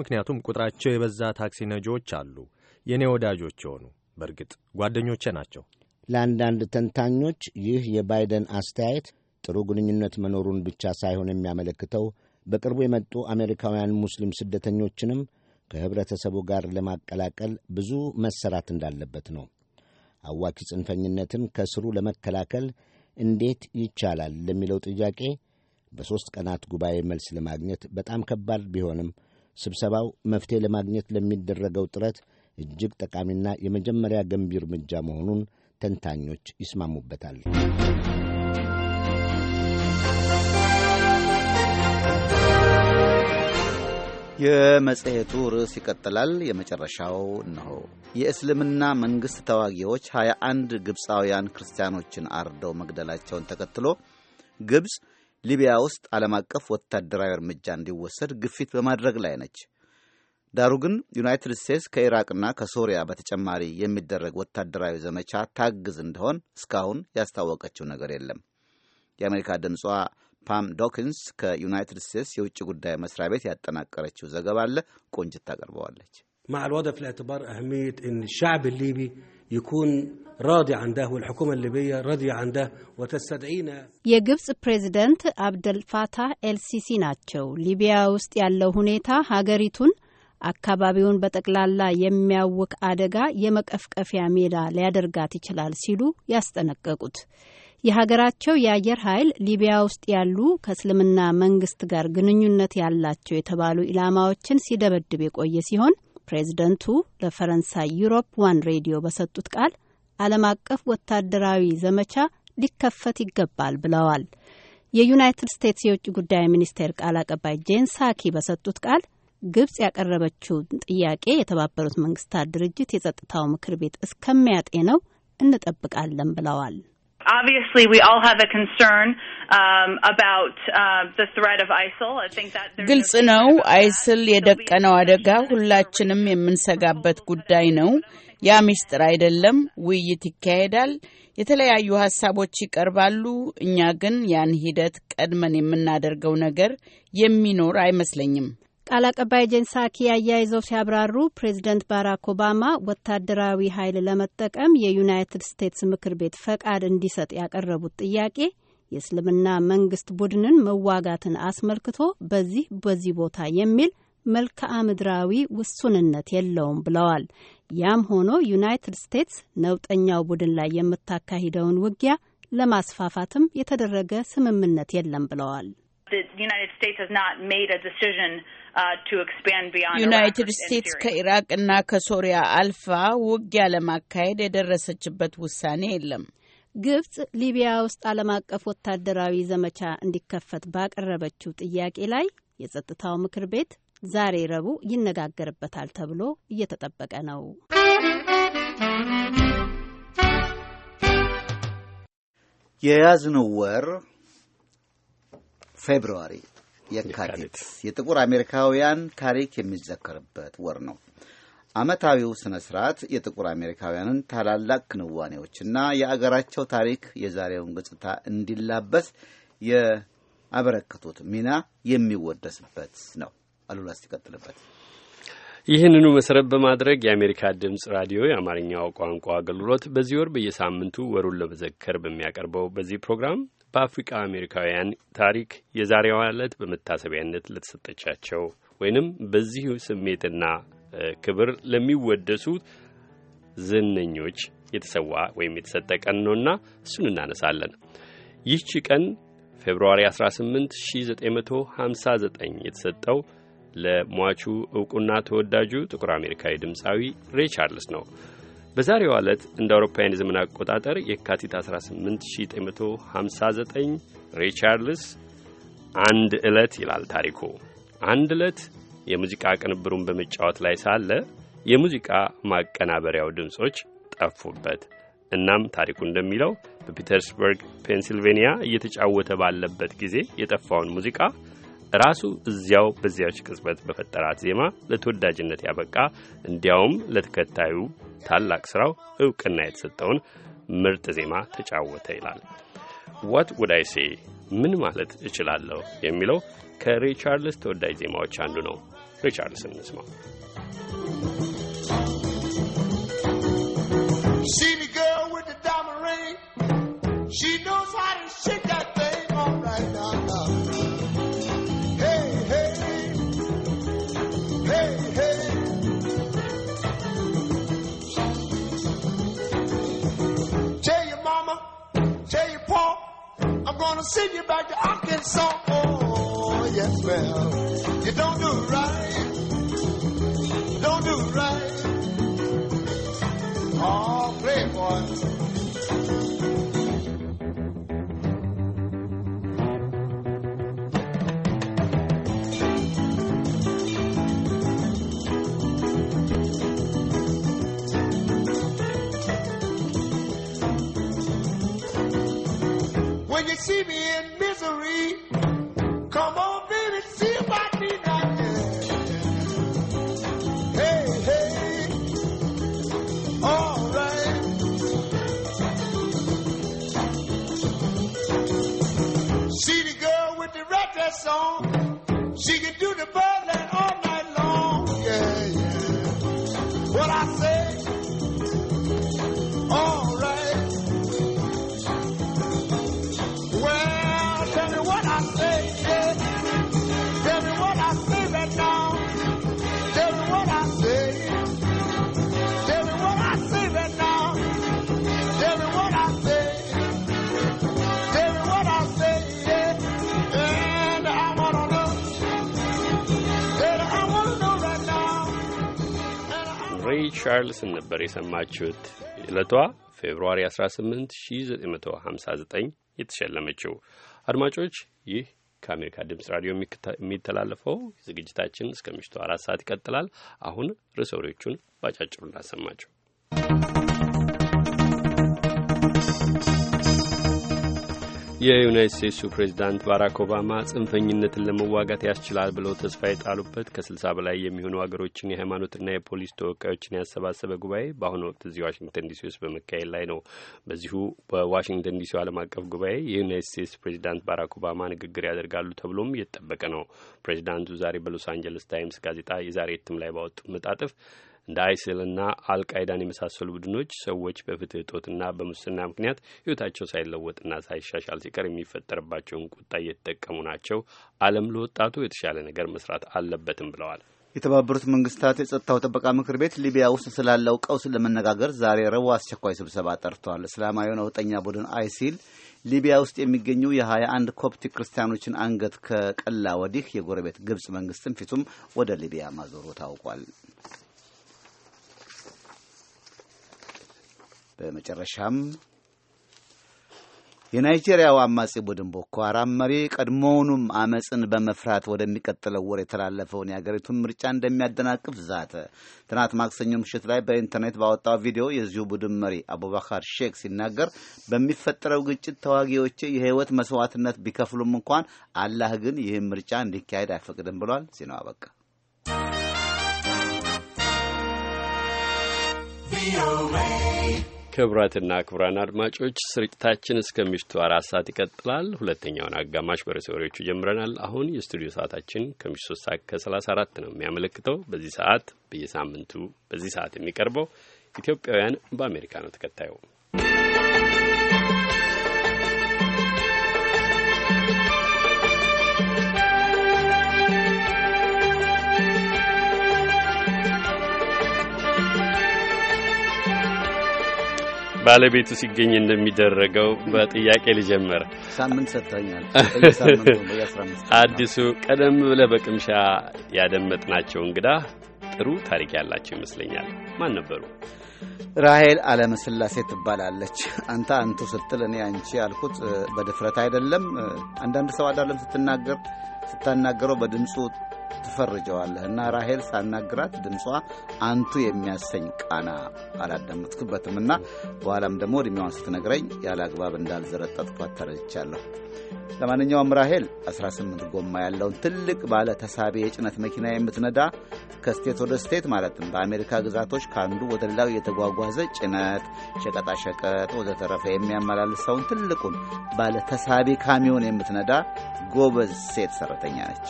ምክንያቱም ቁጥራቸው የበዛ ታክሲ ነጂዎች አሉ፣ የእኔ ወዳጆች የሆኑ በእርግጥ ጓደኞቼ ናቸው። ለአንዳንድ ተንታኞች ይህ የባይደን አስተያየት ጥሩ ግንኙነት መኖሩን ብቻ ሳይሆን የሚያመለክተው በቅርቡ የመጡ አሜሪካውያን ሙስሊም ስደተኞችንም ከኅብረተሰቡ ጋር ለማቀላቀል ብዙ መሰራት እንዳለበት ነው። አዋኪ ጽንፈኝነትን ከስሩ ለመከላከል እንዴት ይቻላል ለሚለው ጥያቄ በሦስት ቀናት ጉባኤ መልስ ለማግኘት በጣም ከባድ ቢሆንም ስብሰባው መፍትሔ ለማግኘት ለሚደረገው ጥረት እጅግ ጠቃሚና የመጀመሪያ ገንቢ እርምጃ መሆኑን ተንታኞች ይስማሙበታል። የመጽሔቱ ርዕስ ይቀጥላል። የመጨረሻው ነው። የእስልምና መንግሥት ተዋጊዎች 21 ግብፃውያን ክርስቲያኖችን አርደው መግደላቸውን ተከትሎ ግብፅ ሊቢያ ውስጥ ዓለም አቀፍ ወታደራዊ እርምጃ እንዲወሰድ ግፊት በማድረግ ላይ ነች። ዳሩ ግን ዩናይትድ ስቴትስ ከኢራቅና ከሶሪያ በተጨማሪ የሚደረግ ወታደራዊ ዘመቻ ታግዝ እንደሆን እስካሁን ያስታወቀችው ነገር የለም። የአሜሪካ ድምጿ ፓም ዶኪንስ ከዩናይትድ ስቴትስ የውጭ ጉዳይ መስሪያ ቤት ያጠናቀረችው ዘገባ አለ። ቆንጅት ታቀርበዋለች። مع الوضع في ኤልሲሲ ናቸው። ሊቢያ ውስጥ ያለው ሁኔታ ሀገሪቱን አካባቢውን በጠቅላላ የሚያውቅ አደጋ የመቀፍቀፊያ ሜዳ ሊያደርጋት ይችላል ሲሉ ያስጠነቀቁት የሀገራቸው የአየር ኃይል ሊቢያ ውስጥ ያሉ ከእስልምና መንግስት ጋር ግንኙነት ያላቸው የተባሉ ኢላማዎችን ሲደበድብ የቆየ ሲሆን ፕሬዝደንቱ ለፈረንሳይ ዩሮፕ ዋን ሬዲዮ በሰጡት ቃል ዓለም አቀፍ ወታደራዊ ዘመቻ ሊከፈት ይገባል ብለዋል። የዩናይትድ ስቴትስ የውጭ ጉዳይ ሚኒስቴር ቃል አቀባይ ጄን ሳኪ በሰጡት ቃል ግብጽ ያቀረበችውን ጥያቄ የተባበሩት መንግስታት ድርጅት የጸጥታው ምክር ቤት እስከሚያጤ ነው እንጠብቃለን ብለዋል። ግልጽ ነው አይስል የደቀነው አደጋ ሁላችንም የምንሰጋበት ጉዳይ ነው። ያ ሚስጥር አይደለም። ውይይት ይካሄዳል፣ የተለያዩ ሀሳቦች ይቀርባሉ። እኛ ግን ያን ሂደት ቀድመን የምናደርገው ነገር የሚኖር አይመስለኝም። ቃል አቀባይ ጄን ሳኪ አያይዘው ሲያብራሩ ፕሬዚደንት ባራክ ኦባማ ወታደራዊ ኃይል ለመጠቀም የዩናይትድ ስቴትስ ምክር ቤት ፈቃድ እንዲሰጥ ያቀረቡት ጥያቄ የእስልምና መንግስት ቡድንን መዋጋትን አስመልክቶ በዚህ በዚህ ቦታ የሚል መልክዓ ምድራዊ ውሱንነት የለውም ብለዋል። ያም ሆኖ ዩናይትድ ስቴትስ ነውጠኛው ቡድን ላይ የምታካሂደውን ውጊያ ለማስፋፋትም የተደረገ ስምምነት የለም ብለዋል። The United States has not made a decision ዩናይትድ uh, ስቴትስ ከኢራቅ እና ከሶሪያ አልፋ ውጊያ ለማካሄድ የደረሰችበት ውሳኔ የለም። ግብጽ ሊቢያ ውስጥ ዓለም አቀፍ ወታደራዊ ዘመቻ እንዲከፈት ባቀረበችው ጥያቄ ላይ የጸጥታው ምክር ቤት ዛሬ ረቡዕ ይነጋገርበታል ተብሎ እየተጠበቀ ነው። የያዝነው ወር ፌብርዋሪ የካቲት የጥቁር አሜሪካውያን ታሪክ የሚዘከርበት ወር ነው። ዓመታዊው ስነ ስርዓት የጥቁር አሜሪካውያንን ታላላቅ ክንዋኔዎችና የአገራቸው ታሪክ የዛሬውን ገጽታ እንዲላበስ የአበረከቱት ሚና የሚወደስበት ነው። አሉላ ሲቀጥልበት ይህንኑ መሰረት በማድረግ የአሜሪካ ድምፅ ራዲዮ የአማርኛው ቋንቋ አገልግሎት በዚህ ወር በየሳምንቱ ወሩን ለመዘከር በሚያቀርበው በዚህ ፕሮግራም በአፍሪቃ አሜሪካውያን ታሪክ የዛሬዋ ዕለት በመታሰቢያነት ለተሰጠቻቸው ወይንም በዚህ ስሜትና ክብር ለሚወደሱት ዝነኞች የተሰዋ ወይም የተሰጠ ቀን ነውና እሱን እናነሳለን። ይህቺ ቀን ፌብርዋሪ 18 1959 የተሰጠው ለሟቹ እውቁና ተወዳጁ ጥቁር አሜሪካዊ ድምፃዊ ሬ ቻርልስ ነው። በዛሬው ዕለት እንደ አውሮፓውያን የዘመን አቆጣጠር የካቲት 18959 ሪቻርልስ አንድ ዕለት ይላል ታሪኩ። አንድ ዕለት የሙዚቃ ቅንብሩን በመጫወት ላይ ሳለ የሙዚቃ ማቀናበሪያው ድምጾች ጠፉበት። እናም ታሪኩ እንደሚለው በፒተርስበርግ ፔንሲልቬንያ እየተጫወተ ባለበት ጊዜ የጠፋውን ሙዚቃ ራሱ እዚያው በዚያች ቅጽበት በፈጠራት ዜማ ለተወዳጅነት ያበቃ እንዲያውም ለተከታዩ ታላቅ ስራው እውቅና የተሰጠውን ምርጥ ዜማ ተጫወተ ይላል። ዋት ጉዳይሴ ሴ ምን ማለት እችላለሁ የሚለው ከሪቻርልስ ቻርልስ ተወዳጅ ዜማዎች አንዱ ነው። ሪቻርልስ ቻርልስ እንስማው። She knows how to shake that thing all right now. now. gonna send you back to Arkansas. Oh, yes, well, you don't do right. Don't do right. Oh, play, boy. see. the ball. ቻርልስ ነበር የሰማችሁት። ዕለቷ ፌብርዋሪ 18 1959 የተሸለመችው። አድማጮች ይህ ከአሜሪካ ድምፅ ራዲዮ የሚተላለፈው ዝግጅታችን እስከ ምሽቱ አራት ሰዓት ይቀጥላል። አሁን ርዕሰ ወሬዎቹን ባጫጭሩ እናሰማቸው። የዩናይት ስቴትሱ ፕሬዚዳንት ባራክ ኦባማ ጽንፈኝነትን ለመዋጋት ያስችላል ብለው ተስፋ የጣሉበት ከስልሳ በላይ የሚሆኑ ሀገሮችን የሃይማኖትና የፖሊስ ተወካዮችን ያሰባሰበ ጉባኤ በአሁኑ ወቅት እዚህ ዋሽንግተን ዲሲ ውስጥ በመካሄድ ላይ ነው። በዚሁ በዋሽንግተን ዲሲ ዓለም አቀፍ ጉባኤ የዩናይት ስቴትስ ፕሬዚዳንት ባራክ ኦባማ ንግግር ያደርጋሉ ተብሎም እየተጠበቀ ነው። ፕሬዚዳንቱ ዛሬ በሎስ አንጀለስ ታይምስ ጋዜጣ የዛሬ እትም ላይ ባወጡት መጣጥፍ እንደ አይስልና አልቃይዳን የመሳሰሉ ቡድኖች ሰዎች በፍትህ እጦትና በሙስና ምክንያት ህይወታቸው ሳይለወጥና ሳይሻሻል ሲቀር የሚፈጠርባቸውን ቁጣ እየተጠቀሙ ናቸው። ዓለም ለወጣቱ የተሻለ ነገር መስራት አለበትም ብለዋል። የተባበሩት መንግስታት የጸጥታው ጥበቃ ምክር ቤት ሊቢያ ውስጥ ስላለው ቀውስ ለመነጋገር ዛሬ ረቡዕ አስቸኳይ ስብሰባ ጠርቷል። እስላማዊ ነውጠኛ ቡድን አይሲል ሊቢያ ውስጥ የሚገኙ የ21 ኮፕቲክ ክርስቲያኖችን አንገት ከቀላ ወዲህ የጎረቤት ግብጽ መንግስትም ፊቱም ወደ ሊቢያ ማዞሩ ታውቋል። በመጨረሻም የናይጄሪያው አማጺ ቡድን ቦኮ ሀራም መሪ ቀድሞውኑም አመፅን በመፍራት ወደሚቀጥለው ወር የተላለፈውን የአገሪቱን ምርጫ እንደሚያደናቅፍ ዛተ። ትናንት ማክሰኞ ምሽት ላይ በኢንተርኔት ባወጣው ቪዲዮ የዚሁ ቡድን መሪ አቡባካር ሼክ ሲናገር በሚፈጠረው ግጭት ተዋጊዎች የህይወት መስዋዕትነት ቢከፍሉም እንኳን አላህ ግን ይህን ምርጫ እንዲካሄድ አይፈቅድም ብሏል። ዜናው አበቃ። ቪኦኤ ክቡራትና ክቡራን አድማጮች ስርጭታችን እስከ ምሽቱ አራት ሰዓት ይቀጥላል። ሁለተኛውን አጋማሽ በርዕሰ ወሬዎቹ ጀምረናል። አሁን የስቱዲዮ ሰዓታችን ከምሽቱ ሶስት ሰዓት ከሰላሳ አራት ነው የሚያመለክተው። በዚህ ሰዓት በየሳምንቱ በዚህ ሰዓት የሚቀርበው ኢትዮጵያውያን በአሜሪካ ነው ተከታዩ ባለቤቱ ሲገኝ እንደሚደረገው በጥያቄ ልጀምር። ሳምንት ሰጥተኛል። አዲሱ ቀደም ብለህ በቅምሻ ያደመጥናቸው እንግዳ ጥሩ ታሪክ ያላቸው ይመስለኛል። ማን ነበሩ? ራሄል አለመስላሴ ትባላለች። አንተ አንቱ ስትል እኔ አንቺ ያልኩት በድፍረት አይደለም። አንዳንድ ሰው አዳለም ስትናገር ስታናገረው በድምፁ ትፈርጀዋለህና ራሄል ሳናግራት ድምጿ አንቱ የሚያሰኝ ቃና አላዳመጥክበትምና በኋላም ደግሞ እድሜዋን ስትነግረኝ ያለ አግባብ እንዳልዘረጠጥኳት ተረድቻለሁ። ለማንኛውም ራሄል 18 ጎማ ያለውን ትልቅ ባለ ተሳቢ የጭነት መኪና የምትነዳ ከስቴት ወደ ስቴት ማለትም በአሜሪካ ግዛቶች ከአንዱ ወደ ሌላው የተጓጓዘ ጭነት፣ ሸቀጣሸቀጥ ወዘተረፈ የሚያመላልሰውን ትልቁን ባለ ተሳቢ ካሚዮን የምትነዳ ጎበዝ ሴት ሰራተኛ ነች።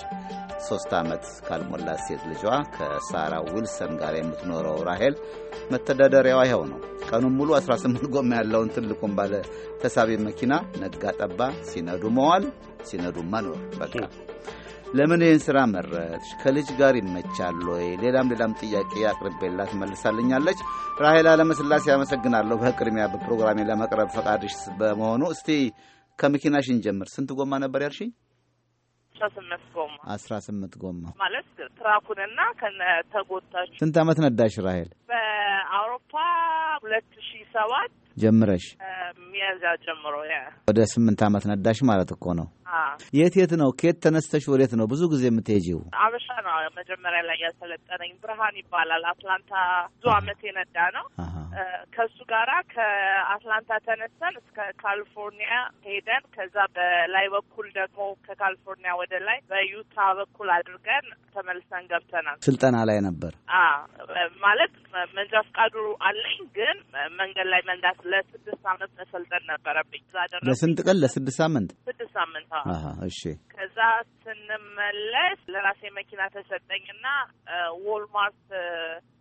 ሶስት ዓመት ካልሞላት ሴት ልጇ ከሳራ ዊልሰን ጋር የምትኖረው ራሄል መተዳደሪያዋ ይኸው ነው። ቀኑን ሙሉ 18 ጎማ ያለውን ትልቁን ባለ ተሳቢ መኪና ነጋ ጠባ ሲነዱ መዋል፣ ሲነዱ መኖር። በቃ ለምን ይህን ሥራ መረጥሽ? ከልጅ ጋር ይመቻል ወይ? ሌላም ሌላም ጥያቄ አቅርቤላት መልሳልኛለች። ራሄል አለመስላሴ አመሰግናለሁ በቅድሚያ በፕሮግራሜ ለመቅረብ ፈቃድሽ በመሆኑ እስቲ ከመኪናሽን ጀምር። ስንት ጎማ ነበር ያልሽኝ? አስራ ስምንት ጎማ አስራ ስምንት ጎማ ማለት ትራኩንና ከነ ተጎታች። ስንት አመት ነዳሽ ራሄል? በአውሮፓ ሁለት ሺ ሰባት ጀምረሽ ሚያዝያ ጀምሮ ወደ ስምንት አመት ነዳሽ ማለት እኮ ነው። የት የት ነው ከየት ተነስተሽ ወዴት ነው ብዙ ጊዜ የምትሄጂው? አበሻ ነው መጀመሪያ ላይ ያሰለጠነኝ ብርሃን ይባላል። አትላንታ ብዙ አመት የነዳ ነው ከእሱ ጋራ ከአትላንታ ተነስተን እስከ ካሊፎርኒያ ሄደን ከዛ በላይ በኩል ደግሞ ከካሊፎርኒያ ወደ ላይ በዩታ በኩል አድርገን ተመልሰን ገብተናል። ስልጠና ላይ ነበር ማለት መንጃ ፈቃዱ አለኝ፣ ግን መንገድ ላይ መንዳት ለስድስት ሳምንት መሰልጠን ነበረብኝ። እዛ ደረስኩ። ለስንት ቀን? ለስድስት ሳምንት ስድስት ሳምንት። እሺ። ከዛ ስንመለስ ለራሴ መኪና ተሰጠኝና ዎልማርት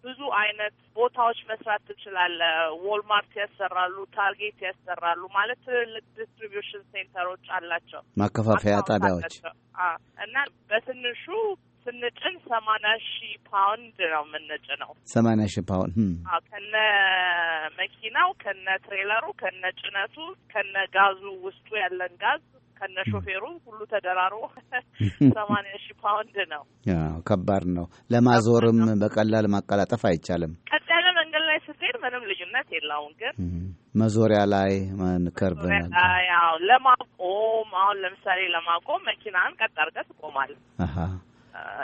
ብዙ አይነት ቦታዎች መስራት ትችላል አለ። ዎልማርት ያሰራሉ፣ ታርጌት ያሰራሉ። ማለት ትልልቅ ዲስትሪቢሽን ሴንተሮች አላቸው፣ ማከፋፈያ ጣቢያዎች እና በትንሹ ስንጭን ሰማንያ ሺህ ፓውንድ ነው የምንጭነው። ሰማንያ ሺህ ፓውንድ ከነ መኪናው ከነ ትሬለሩ ከነ ጭነቱ ከነ ጋዙ ውስጡ ያለን ጋዝ ከነ ሾፌሩ ሁሉ ተደራርቦ ሰማንያ ሺህ ፓውንድ ነው። ከባድ ነው። ለማዞርም በቀላል ማቀላጠፍ አይቻልም። ምንም ልዩነት የለውም። ግን መዞሪያ ላይ መንከርብ ለማቆም አሁን ለምሳሌ ለማቆም መኪናን ቀጥ አድርገህ ትቆማለህ።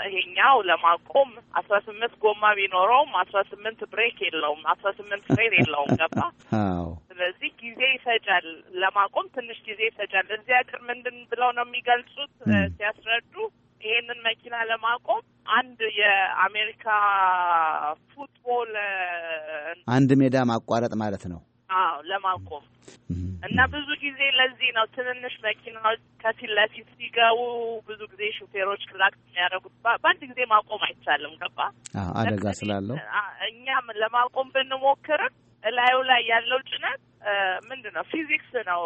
ይሄኛው ለማቆም አስራ ስምንት ጎማ ቢኖረውም አስራ ስምንት ብሬክ የለውም፣ አስራ ስምንት ፍሬን የለውም። ገባ? ስለዚህ ጊዜ ይፈጃል። ለማቆም ትንሽ ጊዜ ይፈጃል። እዚህ ሀገር ምንድን ብለው ነው የሚገልጹት ሲያስረዱ ይሄንን መኪና ለማቆም አንድ የአሜሪካ ፉትቦል አንድ ሜዳ ማቋረጥ ማለት ነው። አዎ ለማቆም እና ብዙ ጊዜ ለዚህ ነው ትንንሽ መኪናዎች ከፊት ለፊት ሲገቡ ብዙ ጊዜ ሹፌሮች ክላክ የሚያደርጉት። በአንድ ጊዜ ማቆም አይቻልም። ገባ አደጋ ስላለው እኛም ለማቆም ብንሞክርም እላዩ ላይ ያለው ጭነት ምንድን ነው ፊዚክስ ነው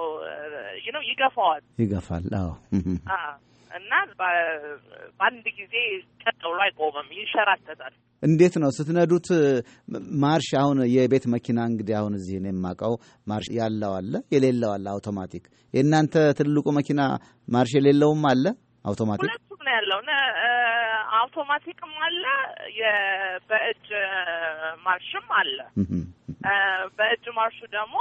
ነው ይገፋዋል፣ ይገፋል። አዎ እና በአንድ ጊዜ ቀጥ ብሎ አይቆምም፣ ይንሸራተታል። እንዴት ነው ስትነዱት? ማርሽ አሁን የቤት መኪና እንግዲህ አሁን እዚህ ነው የማውቀው ማርሽ ያለው አለ፣ የሌለው አለ አውቶማቲክ። የእናንተ ትልቁ መኪና ማርሽ የሌለውም አለ አውቶማቲክ፣ ሁለቱም ነው ያለው። አውቶማቲክም አለ፣ በእጅ ማርሽም አለ። በእጅ ማርሹ ደግሞ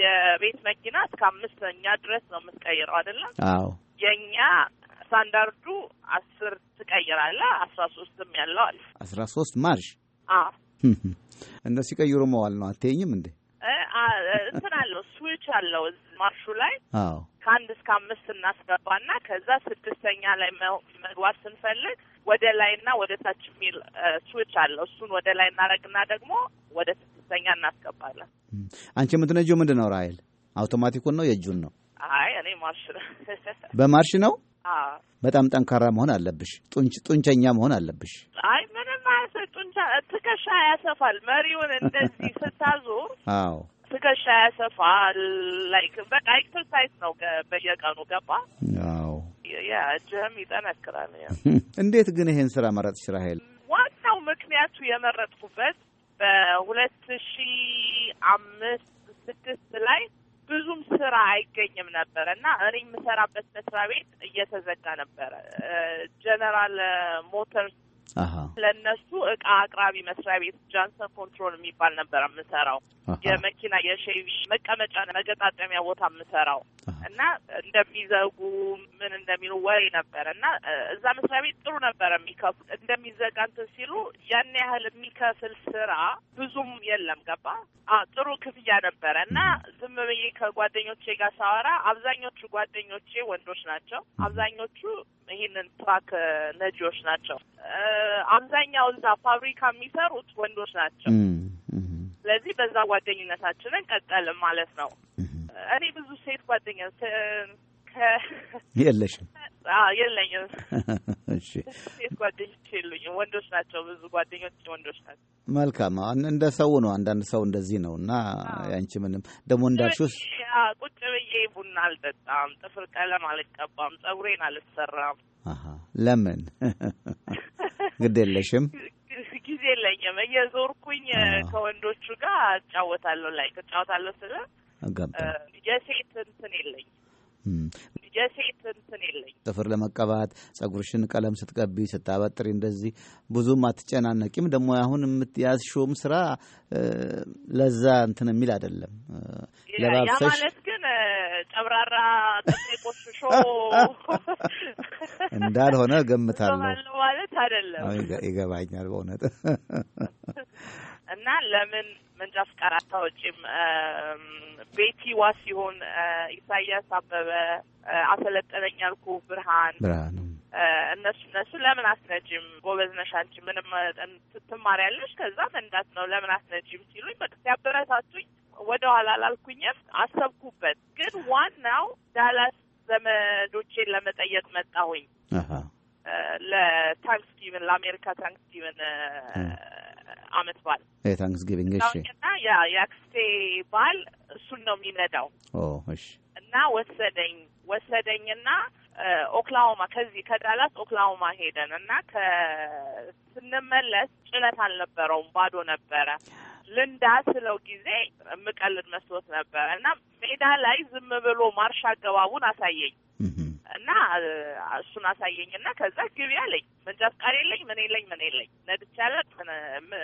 የቤት መኪና እስከ አምስተኛ ድረስ ነው የምትቀይረው አይደለም? አዎ የእኛ ስታንዳርዱ አስር ትቀይራለህ። አስራ ሶስትም ያለው አለ። አስራ ሶስት ማርሽ እንደ ሲቀይሩ መዋል ነው። አትይኝም እንዴ? እንትን አለው ስዊች አለው ማርሹ ላይ ከአንድ እስከ አምስት እናስገባና ከዛ ስድስተኛ ላይ መግባት ስንፈልግ ወደ ላይና ወደ ታች የሚል ስዊች አለው። እሱን ወደ ላይ እናደርግና ደግሞ ወደ ስድስተኛ እናስገባለን። አንቺ የምትነጂው ምንድን ነው ራይል? አውቶማቲኩን ነው የእጁን ነው? አይ እኔ ማርሽ ነው። በማርሽ ነው በጣም ጠንካራ መሆን አለብሽ። ጡንቸኛ መሆን አለብሽ። አይ ምንም አያሰ ጡንቻ ትከሻ ያሰፋል። መሪውን እንደዚህ ስታዞር አዎ ትከሻ ያሰፋል። ላይክ በቃ ኤክሰርሳይዝ ነው በየቀኑ ገባ። አዎ ያ እጅህም ይጠነክራል። እንዴት ግን ይሄን ስራ መረጥ መረጥሽ ሀይል ዋናው ምክንያቱ የመረጥኩበት በሁለት ሺ አምስት ስድስት ላይ ብዙም ስራ አይገኝም ነበረ እና እኔ የምሰራበት መስሪያ ቤት እየተዘጋ ነበረ። ጀነራል ሞተርስ ለእነሱ እቃ አቅራቢ መስሪያ ቤት ጃንሰን ኮንትሮል የሚባል ነበር የምሰራው። የመኪና የሼቪ መቀመጫ መገጣጠሚያ ቦታ የምሰራው እና እንደሚዘጉ ምን እንደሚሉ ወሬ ነበረ እና እዛ መስሪያ ቤት ጥሩ ነበረ የሚከፍሉ እንደሚዘጋ እንትን ሲሉ ያን ያህል የሚከፍል ስራ ብዙም የለም። ገባ ጥሩ ክፍያ ነበረ እና ዝም ብዬ ከጓደኞቼ ጋር ሳወራ አብዛኞቹ ጓደኞቼ ወንዶች ናቸው። አብዛኞቹ ይህንን ትራክ ነጂዎች ናቸው። አብዛኛውን እዛ ፋብሪካ የሚሰሩት ወንዶች ናቸው። ስለዚህ በዛ ጓደኝነታችንን ቀጠልም ማለት ነው። እኔ ብዙ ሴት ጓደኛ የለሽም? የለኝም። ሴት ጓደኞች የሉኝም። ወንዶች ናቸው። ብዙ ጓደኞች ወንዶች ናቸው። መልካም። እንደ ሰው ነው። አንዳንድ ሰው እንደዚህ ነው እና ያንቺ ምንም ደግሞ እንዳልሽውስ ቁጭ ብዬ ቡና አልጠጣም፣ ጥፍር ቀለም አልቀባም፣ ጸጉሬን አልሰራም ለምን ግድ የለሽም? ጊዜ የለኝም። እየዞርኩኝ ከወንዶቹ ጋር እጫወታለሁ። ላይ እጫወታለሁ ስለ የሴት እንትን የለኝ የሴት እንትን የለኝ። ጥፍር ለመቀባት ጸጉርሽን ቀለም ስትቀቢ ስታበጥሪ፣ እንደዚህ ብዙም አትጨናነቂም። ደግሞ አሁን የምትያዝሽውም ስራ ለዛ እንትን የሚል አይደለም። ለባብሰሽ ጠብራራ ጥፍሬ ቆሽሾ እንዳልሆነ ገምታለሁ ማለት አይደለም። ይገባኛል በእውነት እና ለምን መንጃ ፍቃድ አታወጪም? ቤቲ ዋ ሲሆን ኢሳያስ አበበ፣ አሰለጠነኝ ያልኩ ብርሃን ብርሃን እነሱ እነሱ ለምን አስነጂም? ጎበዝ ነሽ አንቺ ምንም ትማሪያለሽ፣ ከዛ መንዳት ነው ለምን አስነጂም ሲሉኝ በቃ ሲያበረታቱኝ ወደ ኋላ አላልኩኝም፣ አሰብኩበት። ግን ዋናው ዳላስ ዘመዶቼን ለመጠየቅ መጣሁኝ ለታንክስጊቭን ለአሜሪካ ታንክስጊቭን አመት በዓል ታንክስጊቪንግ እና የአክስቴ በዓል እሱን ነው የሚነዳው እና ወሰደኝ ወሰደኝና ኦክላሆማ ከዚህ ከዳላስ ኦክላሆማ ሄደን እና ስንመለስ ጭነት አልነበረውም፣ ባዶ ነበረ። ልንዳ ስለው ጊዜ የምቀልድ መስሎት ነበር እና ሜዳ ላይ ዝም ብሎ ማርሻ አገባቡን አሳየኝ እና እሱን አሳየኝ እና ከዛ ግቢ አለኝ። መንጃ ፍቃድ የለኝ ምን የለኝ ምን የለኝ ነድቻለ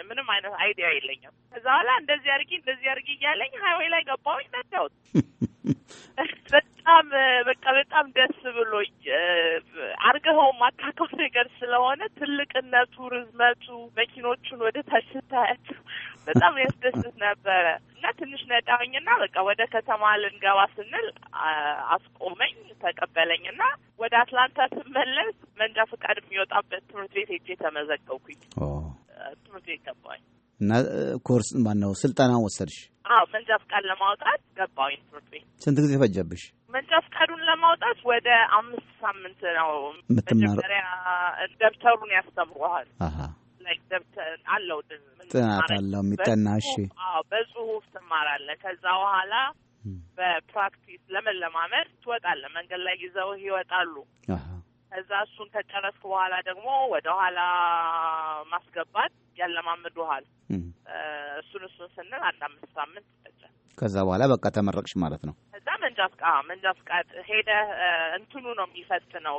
ምንም አይነት አይዲያ የለኝም። ከዛ በኋላ እንደዚህ አድርጊ እንደዚህ አድርጊ እያለኝ ሀይዌይ ላይ ገባሁኝ፣ ነዳሁት። በጣም በቃ በጣም ደስ ብሎኝ አርገኸው ማታውቀው ነገር ስለሆነ ትልቅነቱ፣ ርዝመቱ፣ መኪኖቹን ወደ ታች ስታያቸው በጣም ያስደስት ነበረ እና ትንሽ ነዳሁኝና በቃ ወደ ከተማ ልንገባ ስንል አስቆመኝ፣ ተቀበለኝና ወደ አትላንታ ስመለስ መንጃ ፈቃድ የሚወጣበት ትምህርት ቤት ሄጄ ተመዘገብኩኝ። ትምህርት ቤት ገባኝ እና ኮርስ ማነው ስልጠና ወሰድሽ? አዎ መንጃ ፈቃድ ለማውጣት ገባሁኝ ትምህርት ቤት። ስንት ጊዜ ፈጀብሽ? መንጃ ፈቃዱን ለማውጣት ወደ አምስት ሳምንት ነው። መጀመሪያ ደብተሩን ያስተምሩሃል ላይ ደብተር አለው ጥናት አለው የሚጠና እሺ፣ በጽሁፍ ትማራለህ። ከዛ በኋላ በፕራክቲስ ለመለማመድ ትወጣለህ። መንገድ ላይ ይዘው ይወጣሉ። ከዛ እሱን ከጨረስክ በኋላ ደግሞ ወደ ኋላ ማስገባት ያለማምዱሃል። እሱን እሱን ስንል አንድ አምስት ሳምንት ይፈጃል። ከዛ በኋላ በቃ ተመረቅሽ ማለት ነው። እዛ መንጃ ፍቃድ መንጃ ፍቃድ ሄደህ እንትኑ ነው የሚፈትነው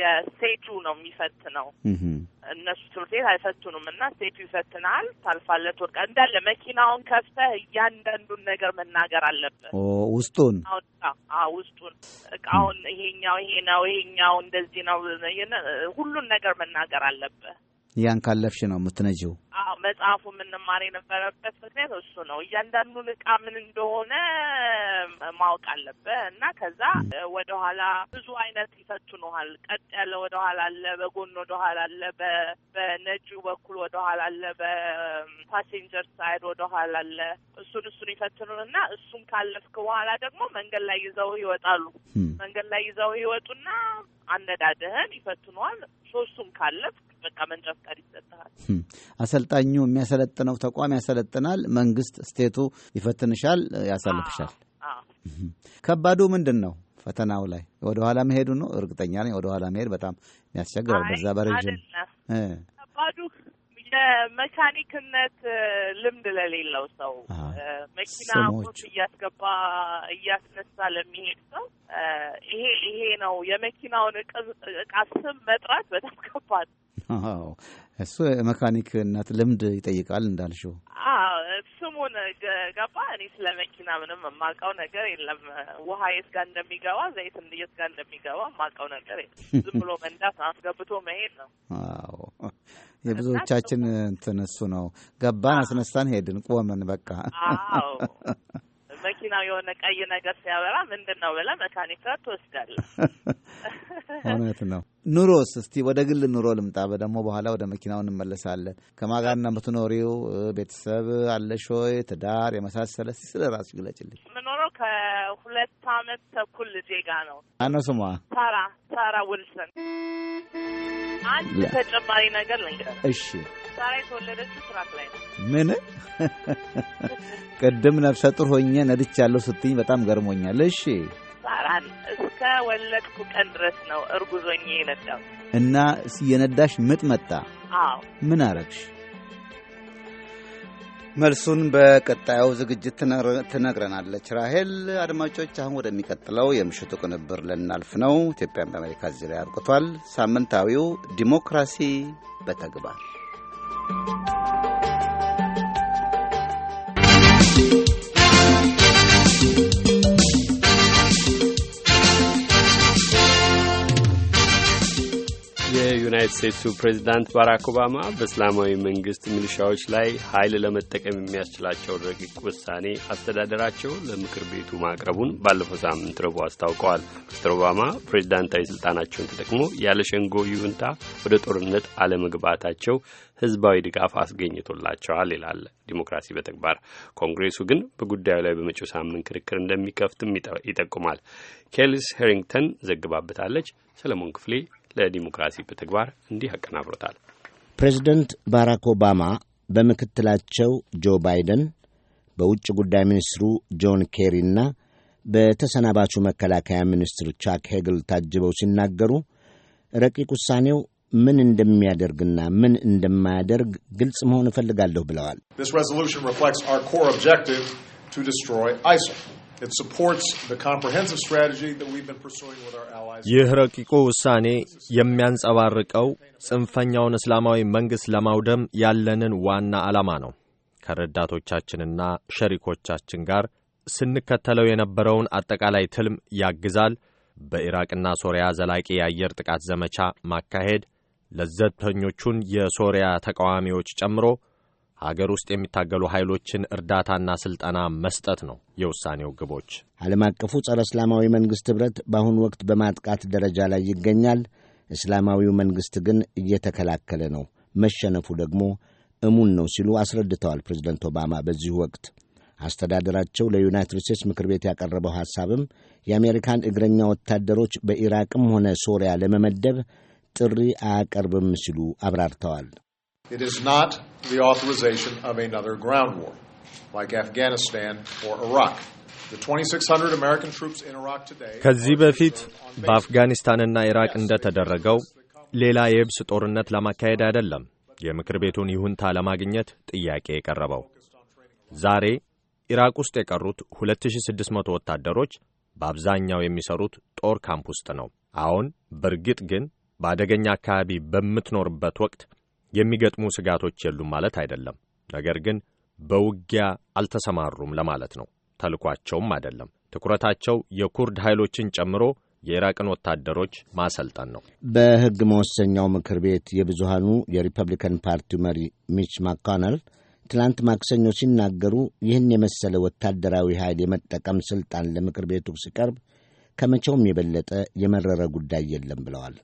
የስቴጁ ነው የሚፈትነው። እነሱ ትምህርት ቤት አይፈትኑም እና ስቴጁ ይፈትናል። ታልፋለህ፣ ትወድቃለህ። እንዳለ መኪናውን ከፍተህ እያንዳንዱን ነገር መናገር አለብን። ውስጡን ውስጡን እቃውን ይሄኛው ይሄ ነው ይሄኛው እንደዚህ ነው ሁሉን ነገር መናገር አለብህ። ያን ካለፍሽ ነው የምትነጂው። መጽሐፉ የምንማር የነበረበት ምክንያት እሱ ነው። እያንዳንዱን እቃ ምን እንደሆነ ማወቅ አለብህ እና ከዛ ወደኋላ ብዙ አይነት ይፈትኑሃል። ቀጥ ያለ ወደኋላ አለ፣ በጎን ወደኋላ አለ፣ በነጂው በኩል ወደኋላ አለ፣ በፓሴንጀር ሳይድ ወደኋላ አለ። እሱን እሱን ይፈትኑን እና እሱን ካለፍክ በኋላ ደግሞ መንገድ ላይ ይዘው ይወጣሉ። hm. መንገድ ላይ ይዘው ይወጡና አነዳደህን ይፈትኗል። ሶስቱም ካለፍ በቃ መንጃ ፍቃድ ይሰጥሃል። አሰልጣኙ የሚያሰለጥነው ተቋም ያሰለጥናል። መንግስት ስቴቱ ይፈትንሻል፣ ያሳልፍሻል። ከባዱ ምንድን ነው? ፈተናው ላይ ወደ ኋላ መሄዱ ነው። እርግጠኛ ነኝ ወደ ኋላ መሄድ በጣም ያስቸግራል። በዛ በረዥም ከባዱ የመካኒክነት ልምድ ለሌለው ሰው መኪና ሞት እያስገባ እያስነሳ ለሚሄድ ሰው ይሄ ይሄ ነው የመኪናውን እቃ ስም መጥራት በጣም ከባድ። እሱ መካኒክነት ልምድ ይጠይቃል እንዳልሽው። ስሙን ገባ። እኔ ስለ መኪና ምንም የማውቀው ነገር የለም። ውሃ የት ጋር እንደሚገባ፣ ዘይት የት ጋር እንደሚገባ የማውቀው ነገር የለም። ዝም ብሎ መንዳት አስገብቶ መሄድ ነው። የብዙዎቻችን ትንሱ ነው። ገባን፣ አስነሳን፣ ሄድን፣ ቆምን፣ በቃ መኪናው የሆነ ቀይ ነገር ሲያበራ ምንድን ነው ብለህ መካኒካ ትወስዳለህ። እውነት ነው። ኑሮስ እስቲ ወደ ግል ኑሮ ልምጣ። ደግሞ በኋላ ወደ መኪናው እንመለሳለን። ከማጋር ነው የምትኖሪው? ቤተሰብ አለሽ ወይ? ትዳር የመሳሰለ ስለ ራሱ ግለጭልኝ። የምኖረው ከሁለት አመት ተኩል ልጄ ጋ ነው። አነው ስሟ ሳራ ሳራ ውልሰን። አንድ ተጨማሪ ነገር ልንገር። እሺ ሳራ የተወለደችው ስራት ላይ ነው። ምን ቅድም ነፍሰ ጡር ሆኜ ነድቻለሁ ስትኝ በጣም ገርሞኛል። እሺ አራት እስከ ወለድኩ ቀን ድረስ ነው እርጉዞኜ የነዳው። እና የነዳሽ ምጥ መጣ? አዎ። ምን አረግሽ? መልሱን በቀጣዩ ዝግጅት ትነግረናለች ራሄል። አድማጮች፣ አሁን ወደሚቀጥለው የምሽቱ ቅንብር ልናልፍ ነው። ኢትዮጵያን በአሜሪካ ዙሪያ አብቅቷል። ሳምንታዊው ዲሞክራሲ በተግባር የዩናይት ስቴትሱ ፕሬዚዳንት ባራክ ኦባማ በእስላማዊ መንግስት ሚሊሻዎች ላይ ኃይል ለመጠቀም የሚያስችላቸውን ረቂቅ ውሳኔ አስተዳደራቸው ለምክር ቤቱ ማቅረቡን ባለፈው ሳምንት ረቡዕ አስታውቀዋል። ሚስተር ኦባማ ፕሬዚዳንታዊ ስልጣናቸውን ተጠቅሞ ያለ ሸንጎ ይሁንታ ወደ ጦርነት አለመግባታቸው ህዝባዊ ድጋፍ አስገኝቶላቸዋል ይላል ዲሞክራሲ በተግባር። ኮንግሬሱ ግን በጉዳዩ ላይ በመጪው ሳምንት ክርክር እንደሚከፍትም ይጠቁማል። ኬልስ ሄሪንግተን ዘግባበታለች። ሰለሞን ክፍሌ ለዲሞክራሲ በተግባር እንዲህ አቀናብሮታል። ፕሬዚደንት ባራክ ኦባማ በምክትላቸው ጆ ባይደን፣ በውጭ ጉዳይ ሚኒስትሩ ጆን ኬሪ እና በተሰናባቹ መከላከያ ሚኒስትር ቻክ ሄግል ታጅበው ሲናገሩ ረቂቅ ውሳኔው ምን እንደሚያደርግና ምን እንደማያደርግ ግልጽ መሆን እፈልጋለሁ ብለዋል። ይህ ረቂቁ ውሳኔ የሚያንጸባርቀው ጽንፈኛውን እስላማዊ መንግሥት ለማውደም ያለንን ዋና ዓላማ ነው። ከረዳቶቻችንና ሸሪኮቻችን ጋር ስንከተለው የነበረውን አጠቃላይ ትልም ያግዛል። በኢራቅና ሶሪያ ዘላቂ የአየር ጥቃት ዘመቻ ማካሄድ፣ ለዘብተኞቹን የሶሪያ ተቃዋሚዎች ጨምሮ ሀገር ውስጥ የሚታገሉ ኃይሎችን እርዳታና ሥልጠና መስጠት ነው የውሳኔው ግቦች። ዓለም አቀፉ ጸረ እስላማዊ መንግሥት ኅብረት በአሁኑ ወቅት በማጥቃት ደረጃ ላይ ይገኛል። እስላማዊው መንግሥት ግን እየተከላከለ ነው፣ መሸነፉ ደግሞ እሙን ነው ሲሉ አስረድተዋል ፕሬዝደንት ኦባማ በዚሁ ወቅት። አስተዳደራቸው ለዩናይትድ ስቴትስ ምክር ቤት ያቀረበው ሐሳብም የአሜሪካን እግረኛ ወታደሮች በኢራቅም ሆነ ሶሪያ ለመመደብ ጥሪ አያቀርብም ሲሉ አብራርተዋል። It is not the authorization of another ground war, like Afghanistan or Iraq. ከዚህ በፊት በአፍጋኒስታንና ኢራቅ እንደተደረገው ሌላ የብስ ጦርነት ለማካሄድ አይደለም የምክር ቤቱን ይሁንታ ለማግኘት ጥያቄ የቀረበው። ዛሬ ኢራቅ ውስጥ የቀሩት 2600 ወታደሮች በአብዛኛው የሚሰሩት ጦር ካምፕ ውስጥ ነው። አሁን በእርግጥ ግን በአደገኛ አካባቢ በምትኖርበት ወቅት የሚገጥሙ ስጋቶች የሉም ማለት አይደለም። ነገር ግን በውጊያ አልተሰማሩም ለማለት ነው። ተልኳቸውም አይደለም። ትኩረታቸው የኩርድ ኃይሎችን ጨምሮ የኢራቅን ወታደሮች ማሰልጠን ነው። በሕግ መወሰኛው ምክር ቤት የብዙሃኑ የሪፐብሊካን ፓርቲው መሪ ሚች ማኮነል ትናንት ማክሰኞ ሲናገሩ ይህን የመሰለ ወታደራዊ ኃይል የመጠቀም ስልጣን ለምክር ቤቱ ሲቀርብ ከመቼውም የበለጠ የመረረ ጉዳይ የለም ብለዋል።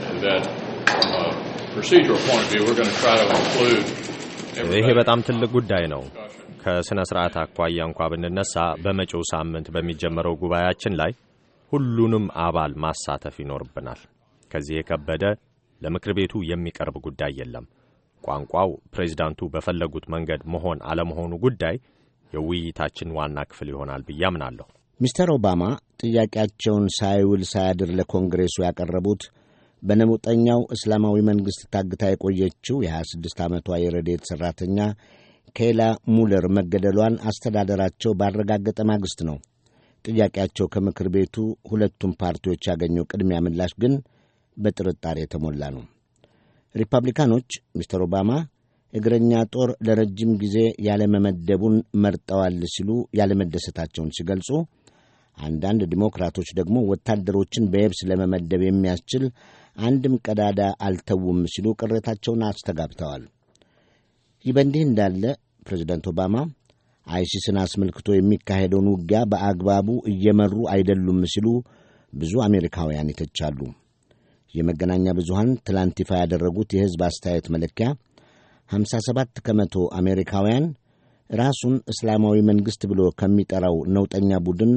Uh, ይሄ በጣም ትልቅ ጉዳይ ነው። ከሥነ ሥርዓት አኳያ እንኳ ብንነሳ በመጪው ሳምንት በሚጀመረው ጉባኤያችን ላይ ሁሉንም አባል ማሳተፍ ይኖርብናል። ከዚህ የከበደ ለምክር ቤቱ የሚቀርብ ጉዳይ የለም። ቋንቋው ፕሬዚዳንቱ በፈለጉት መንገድ መሆን አለመሆኑ ጉዳይ የውይይታችን ዋና ክፍል ይሆናል ብዬ አምናለሁ። ሚስተር ኦባማ ጥያቄያቸውን ሳይውል ሳያድር ለኮንግሬሱ ያቀረቡት በነውጠኛው እስላማዊ መንግሥት ታግታ የቆየችው የ26 ዓመቷ የረዴት ሠራተኛ ኬላ ሙለር መገደሏን አስተዳደራቸው ባረጋገጠ ማግስት ነው። ጥያቄያቸው ከምክር ቤቱ ሁለቱም ፓርቲዎች ያገኘው ቅድሚያ ምላሽ ግን በጥርጣሬ የተሞላ ነው። ሪፐብሊካኖች ሚስተር ኦባማ እግረኛ ጦር ለረጅም ጊዜ ያለመመደቡን መርጠዋል ሲሉ ያለመደሰታቸውን ሲገልጹ፣ አንዳንድ ዲሞክራቶች ደግሞ ወታደሮችን በየብስ ለመመደብ የሚያስችል አንድም ቀዳዳ አልተዉም ሲሉ ቅሬታቸውን አስተጋብተዋል። ይህ በእንዲህ እንዳለ ፕሬዚደንት ኦባማ አይሲስን አስመልክቶ የሚካሄደውን ውጊያ በአግባቡ እየመሩ አይደሉም ሲሉ ብዙ አሜሪካውያን ይተቻሉ። የመገናኛ ብዙሃን ትላንት ይፋ ያደረጉት የሕዝብ አስተያየት መለኪያ 57 ከመቶ አሜሪካውያን ራሱን እስላማዊ መንግሥት ብሎ ከሚጠራው ነውጠኛ ቡድን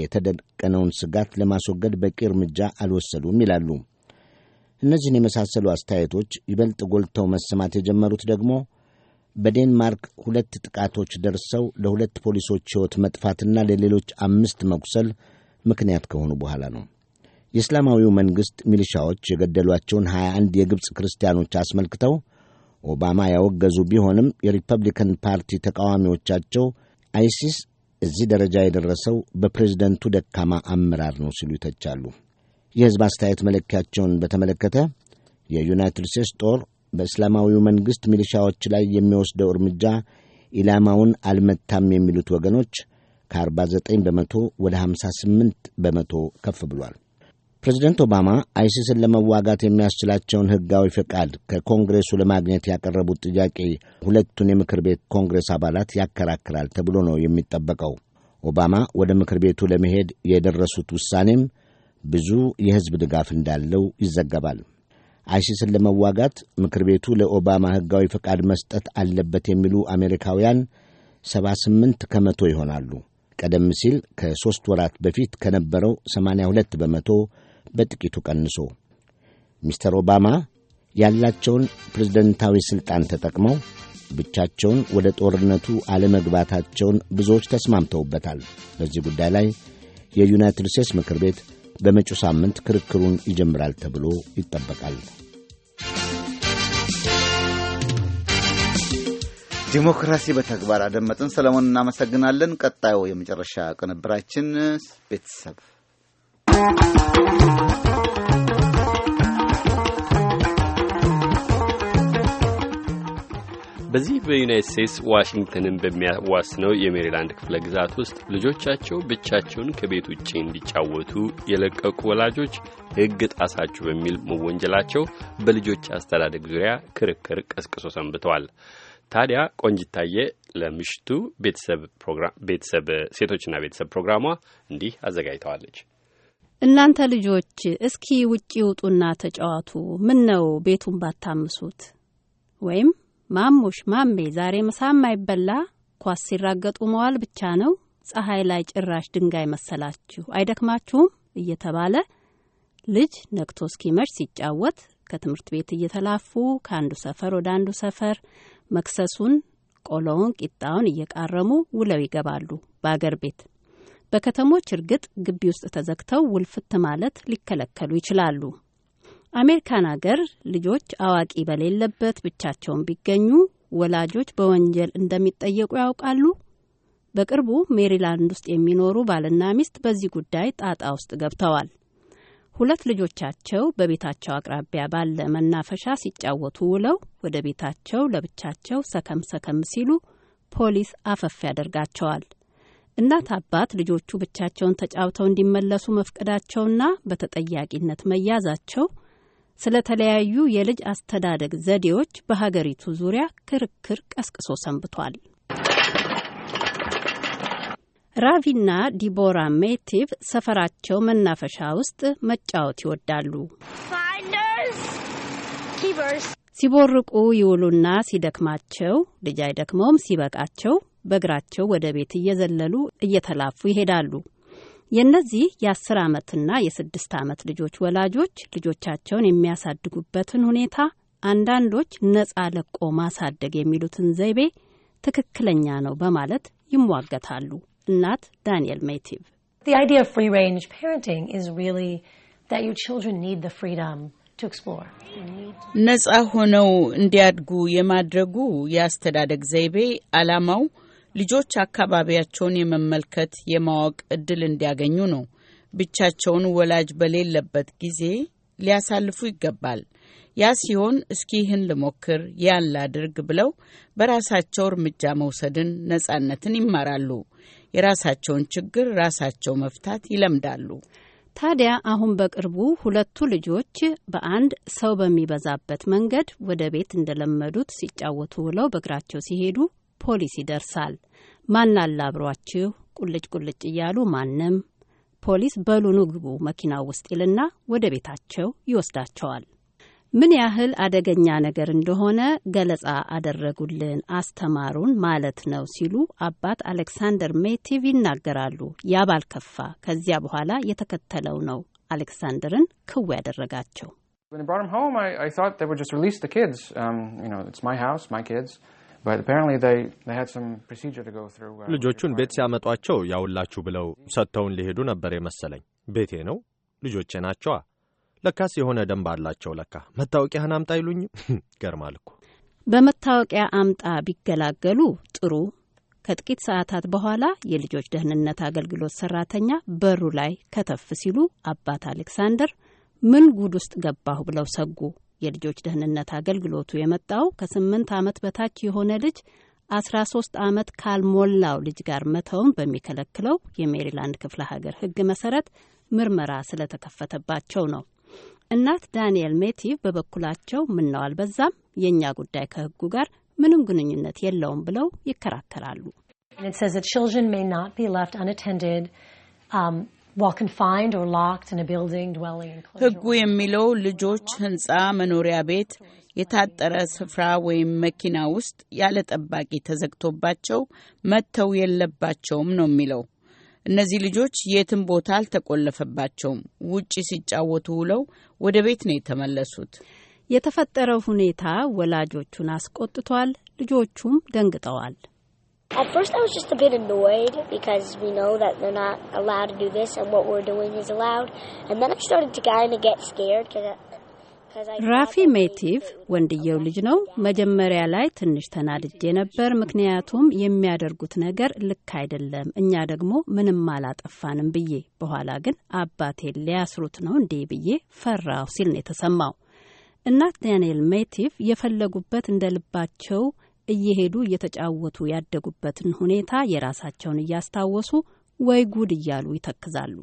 የተደቀነውን ስጋት ለማስወገድ በቂ እርምጃ አልወሰዱም ይላሉ። እነዚህን የመሳሰሉ አስተያየቶች ይበልጥ ጎልተው መሰማት የጀመሩት ደግሞ በዴንማርክ ሁለት ጥቃቶች ደርሰው ለሁለት ፖሊሶች ሕይወት መጥፋትና ለሌሎች አምስት መቁሰል ምክንያት ከሆኑ በኋላ ነው። የእስላማዊው መንግሥት ሚሊሻዎች የገደሏቸውን 21 የግብፅ ክርስቲያኖች አስመልክተው ኦባማ ያወገዙ ቢሆንም የሪፐብሊካን ፓርቲ ተቃዋሚዎቻቸው አይሲስ እዚህ ደረጃ የደረሰው በፕሬዝደንቱ ደካማ አመራር ነው ሲሉ ይተቻሉ። የሕዝብ አስተያየት መለኪያቸውን በተመለከተ የዩናይትድ ስቴትስ ጦር በእስላማዊው መንግሥት ሚሊሻዎች ላይ የሚወስደው እርምጃ ኢላማውን አልመታም የሚሉት ወገኖች ከ49 በመቶ ወደ 58 በመቶ ከፍ ብሏል። ፕሬዚደንት ኦባማ አይሲስን ለመዋጋት የሚያስችላቸውን ሕጋዊ ፈቃድ ከኮንግሬሱ ለማግኘት ያቀረቡት ጥያቄ ሁለቱን የምክር ቤት ኮንግሬስ አባላት ያከራክራል ተብሎ ነው የሚጠበቀው። ኦባማ ወደ ምክር ቤቱ ለመሄድ የደረሱት ውሳኔም ብዙ የሕዝብ ድጋፍ እንዳለው ይዘገባል። አይሲስን ለመዋጋት ምክር ቤቱ ለኦባማ ሕጋዊ ፈቃድ መስጠት አለበት የሚሉ አሜሪካውያን 78 ከመቶ ይሆናሉ። ቀደም ሲል ከሦስት ወራት በፊት ከነበረው 82 በመቶ በጥቂቱ ቀንሶ ሚስተር ኦባማ ያላቸውን ፕሬዝደንታዊ ሥልጣን ተጠቅመው ብቻቸውን ወደ ጦርነቱ አለመግባታቸውን ብዙዎች ተስማምተውበታል። በዚህ ጉዳይ ላይ የዩናይትድ ስቴትስ ምክር ቤት በመጪው ሳምንት ክርክሩን ይጀምራል ተብሎ ይጠበቃል። ዲሞክራሲ በተግባር አደመጥን። ሰለሞን እናመሰግናለን። ቀጣዩ የመጨረሻ ቅንብራችን ቤተሰብ በዚህ በዩናይት ስቴትስ ዋሽንግተንን በሚያዋስነው የሜሪላንድ ክፍለ ግዛት ውስጥ ልጆቻቸው ብቻቸውን ከቤት ውጭ እንዲጫወቱ የለቀቁ ወላጆች ሕግ ጣሳችሁ በሚል መወንጀላቸው በልጆች አስተዳደግ ዙሪያ ክርክር ቀስቅሶ ሰንብተዋል። ታዲያ ቆንጅታየ ለምሽቱ ቤተሰብ ሴቶችና ቤተሰብ ፕሮግራሟ እንዲህ አዘጋጅተዋለች። እናንተ ልጆች እስኪ ውጪ ውጡና ተጫዋቱ፣ ምን ነው ቤቱን ባታምሱት ወይም ማሙሽ ማሜ ዛሬ ምሳ የማይበላ ኳስ ሲራገጡ መዋል ብቻ ነው፣ ፀሐይ ላይ ጭራሽ ድንጋይ መሰላችሁ አይደክማችሁም? እየተባለ ልጅ ነቅቶ እስኪመሽ ሲጫወት ከትምህርት ቤት እየተላፉ ከአንዱ ሰፈር ወደ አንዱ ሰፈር መክሰሱን፣ ቆሎውን፣ ቂጣውን እየቃረሙ ውለው ይገባሉ በአገር ቤት። በከተሞች እርግጥ ግቢ ውስጥ ተዘግተው ውልፍት ማለት ሊከለከሉ ይችላሉ። አሜሪካን አገር ልጆች አዋቂ በሌለበት ብቻቸውን ቢገኙ ወላጆች በወንጀል እንደሚጠየቁ ያውቃሉ? በቅርቡ ሜሪላንድ ውስጥ የሚኖሩ ባልና ሚስት በዚህ ጉዳይ ጣጣ ውስጥ ገብተዋል። ሁለት ልጆቻቸው በቤታቸው አቅራቢያ ባለ መናፈሻ ሲጫወቱ ውለው ወደ ቤታቸው ለብቻቸው ሰከም ሰከም ሲሉ ፖሊስ አፈፍ ያደርጋቸዋል። እናት አባት ልጆቹ ብቻቸውን ተጫውተው እንዲመለሱ መፍቀዳቸውና በተጠያቂነት መያዛቸው ስለተለያዩ የልጅ አስተዳደግ ዘዴዎች በሀገሪቱ ዙሪያ ክርክር ቀስቅሶ ሰንብቷል። ራቪና ዲቦራ ሜቲቭ ሰፈራቸው መናፈሻ ውስጥ መጫወት ይወዳሉ። ሲቦርቁ ይውሉና ሲደክማቸው፣ ልጅ አይደክመውም፣ ሲበቃቸው በእግራቸው ወደ ቤት እየዘለሉ እየተላፉ ይሄዳሉ። የእነዚህ የአስር ዓመትና የስድስት ዓመት ልጆች ወላጆች ልጆቻቸውን የሚያሳድጉበትን ሁኔታ አንዳንዶች ነጻ ለቆ ማሳደግ የሚሉትን ዘይቤ ትክክለኛ ነው በማለት ይሟገታሉ። እናት ዳንኤል ሜቲቭ ነጻ ሆነው እንዲያድጉ የማድረጉ የአስተዳደግ ዘይቤ ዓላማው ልጆች አካባቢያቸውን የመመልከት የማወቅ እድል እንዲያገኙ ነው። ብቻቸውን ወላጅ በሌለበት ጊዜ ሊያሳልፉ ይገባል። ያ ሲሆን እስኪ ይህን ልሞክር፣ ያን ላድርግ ብለው በራሳቸው እርምጃ መውሰድን፣ ነጻነትን ይማራሉ። የራሳቸውን ችግር ራሳቸው መፍታት ይለምዳሉ። ታዲያ አሁን በቅርቡ ሁለቱ ልጆች በአንድ ሰው በሚበዛበት መንገድ ወደ ቤት እንደለመዱት ሲጫወቱ ውለው በእግራቸው ሲሄዱ ፖሊስ ይደርሳል። ማን አብሯችሁ ቁልጭ ቁልጭ እያሉ ማንም ፖሊስ በሉኑ ግቡ መኪና ውስጥ ይልና ወደ ቤታቸው ይወስዳቸዋል። ምን ያህል አደገኛ ነገር እንደሆነ ገለጻ አደረጉልን፣ አስተማሩን ማለት ነው ሲሉ አባት አሌክሳንደር ሜቲቭ ይናገራሉ። ያ ባልከፋ ከዚያ በኋላ የተከተለው ነው አሌክሳንደርን ክው ያደረጋቸው። Uh, ልጆቹን ቤት ሲያመጧቸው ያውላችሁ ብለው ሰጥተውን ሊሄዱ ነበር የመሰለኝ። ቤቴ ነው፣ ልጆቼ ናቸዋ። ለካስ የሆነ ደንብ አላቸው። ለካ መታወቂያህን አምጣ ይሉኝ ገርማል እኮ። በመታወቂያ አምጣ ቢገላገሉ ጥሩ። ከጥቂት ሰዓታት በኋላ የልጆች ደህንነት አገልግሎት ሰራተኛ በሩ ላይ ከተፍ ሲሉ አባት አሌክሳንደር ምን ጉድ ውስጥ ገባሁ ብለው ሰጉ። የልጆች ደህንነት አገልግሎቱ የመጣው ከስምንት ዓመት በታች የሆነ ልጅ ሶስት ዓመት ካልሞላው ልጅ ጋር መተውን በሚከለክለው የሜሪላንድ ክፍለ ሀገር ሕግ መሰረት ምርመራ ስለተከፈተባቸው ነው። እናት ዳንኤል ሜቲቭ በበኩላቸው ምነው አልበዛም፣ የእኛ ጉዳይ ከሕጉ ጋር ምንም ግንኙነት የለውም ብለው ይከራከራሉ። ህጉ የሚለው ልጆች ህንፃ መኖሪያ ቤት፣ የታጠረ ስፍራ ወይም መኪና ውስጥ ያለ ጠባቂ ተዘግቶባቸው መጥተው የለባቸውም ነው የሚለው። እነዚህ ልጆች የትም ቦታ አልተቆለፈባቸውም። ውጪ ሲጫወቱ ውለው ወደ ቤት ነው የተመለሱት። የተፈጠረው ሁኔታ ወላጆቹን አስቆጥቷል፣ ልጆቹም ደንግጠዋል። At first, I was just a bit annoyed because we know that they're not allowed to do this and what we're doing is allowed. And then I started to kind of get scared because ራፊ ሜቲቭ ወንድየው ልጅ ነው። መጀመሪያ ላይ ትንሽ ተናድጄ ነበር፣ ምክንያቱም የሚያደርጉት ነገር ልክ አይደለም፣ እኛ ደግሞ ምንም አላጠፋንም ብዬ። በኋላ ግን አባቴ ሊያስሩት ነው እንዴ ብዬ ፈራው ሲል ነው የተሰማው። እናት ዳንኤል ሜቲቭ የፈለጉበት እንደ ልባቸው እየሄዱ እየተጫወቱ ያደጉበትን ሁኔታ የራሳቸውን እያስታወሱ ወይ ጉድ እያሉ ይተክዛሉ።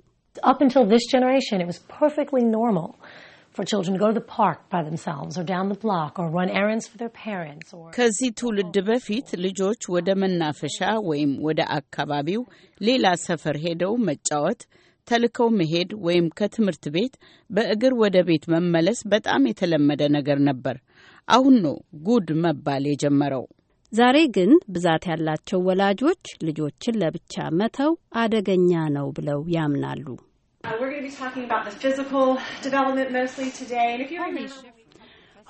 ከዚህ ትውልድ በፊት ልጆች ወደ መናፈሻ ወይም ወደ አካባቢው ሌላ ሰፈር ሄደው መጫወት፣ ተልከው መሄድ ወይም ከትምህርት ቤት በእግር ወደ ቤት መመለስ በጣም የተለመደ ነገር ነበር። አሁን ነው ጉድ መባል የጀመረው። ዛሬ ግን ብዛት ያላቸው ወላጆች ልጆችን ለብቻ መተው አደገኛ ነው ብለው ያምናሉ።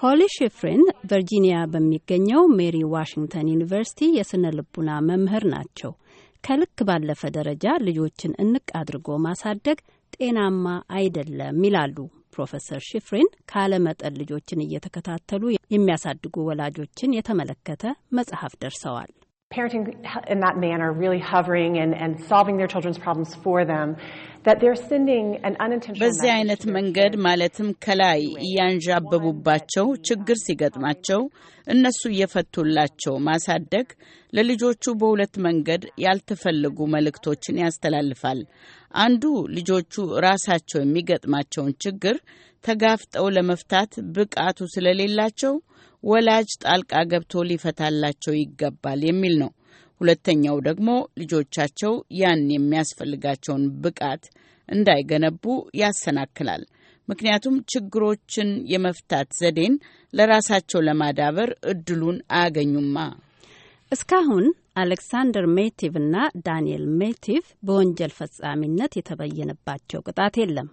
ሆሊ ሽፍሪን ቨርጂኒያ በሚገኘው ሜሪ ዋሽንግተን ዩኒቨርሲቲ የስነ ልቡና መምህር ናቸው። ከልክ ባለፈ ደረጃ ልጆችን እንቅ አድርጎ ማሳደግ ጤናማ አይደለም ይላሉ። ፕሮፌሰር ሽፍሪን ካለመጠን ልጆችን እየተከታተሉ የሚያሳድጉ ወላጆችን የተመለከተ መጽሐፍ ደርሰዋል። parenting in that manner, really hovering and, and solving their children's problems for them, that they're sending an unintentional በዚህ አይነት መንገድ ማለትም ከላይ እያንዣበቡባቸው ችግር ሲገጥማቸው እነሱ እየፈቱላቸው ማሳደግ ለልጆቹ በሁለት መንገድ ያልተፈለጉ መልእክቶችን ያስተላልፋል። አንዱ ልጆቹ ራሳቸው የሚገጥማቸውን ችግር ተጋፍጠው ለመፍታት ብቃቱ ስለሌላቸው ወላጅ ጣልቃ ገብቶ ሊፈታላቸው ይገባል የሚል ነው። ሁለተኛው ደግሞ ልጆቻቸው ያን የሚያስፈልጋቸውን ብቃት እንዳይገነቡ ያሰናክላል። ምክንያቱም ችግሮችን የመፍታት ዘዴን ለራሳቸው ለማዳበር እድሉን አያገኙማ። እስካሁን አሌክሳንደር ሜቲቭ እና ዳንኤል ሜቲቭ በወንጀል ፈጻሚነት የተበየነባቸው ቅጣት የለም።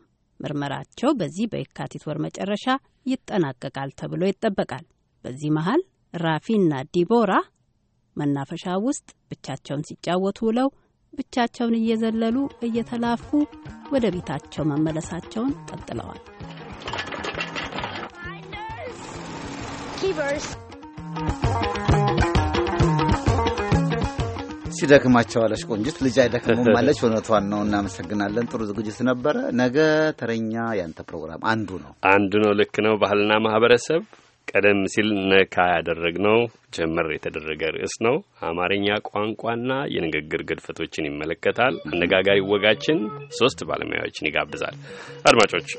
ምርመራቸው በዚህ በየካቲት ወር መጨረሻ ይጠናቀቃል ተብሎ ይጠበቃል። በዚህ መሀል ራፊና ዲቦራ መናፈሻ ውስጥ ብቻቸውን ሲጫወቱ ውለው ብቻቸውን እየዘለሉ እየተላፉ ወደ ቤታቸው መመለሳቸውን ቀጥለዋል። ሲደክማቸው አለች ቆንጅት ልጅ አይደክሙም አለች። እውነቷን ነው። እናመሰግናለን። ጥሩ ዝግጅት ነበረ። ነገ ተረኛ ያንተ ፕሮግራም አንዱ ነው አንዱ ነው። ልክ ነው። ባህልና ማህበረሰብ ቀደም ሲል ነካ ያደረግነው ጀመር የተደረገ ርዕስ ነው። አማርኛ ቋንቋና የንግግር ግድፈቶችን ይመለከታል። አነጋጋሪ ወጋችን ሶስት ባለሙያዎችን ይጋብዛል። አድማጮች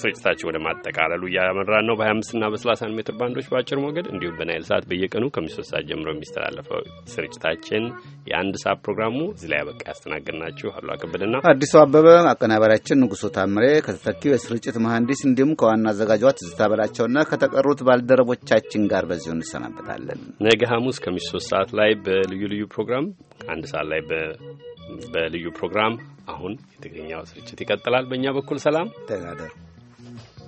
ስርጭታቸው ወደ ማጠቃለሉ እያመራን ነው። በ25ና በ 30 ሜትር ባንዶች በአጭር ሞገድ እንዲሁም በናይል ሰዓት በየቀኑ ከሚሶስት ሰዓት ጀምሮ የሚስተላለፈው ስርጭታችን የአንድ ሰዓት ፕሮግራሙ እዚህ ላይ አበቃ። ያስተናገድናችሁ አሉ አከበደና አዲሱ አበበ፣ አቀናባሪያችን ንጉሶ ታምሬ ከተተኪው የስርጭት መሐንዲስ እንዲሁም ከዋና አዘጋጇ ትዝታ በላቸውና ከተቀሩት ባልደረቦቻችን ጋር በዚሁ እንሰናበታለን። ነገ ሐሙስ ከሚስ ሶስት ሰዓት ላይ በልዩ ልዩ ፕሮግራም አንድ ሰዓት ላይ በልዩ ፕሮግራም አሁን የትግርኛው ስርጭት ይቀጥላል። በእኛ በኩል ሰላም ተናደሩ።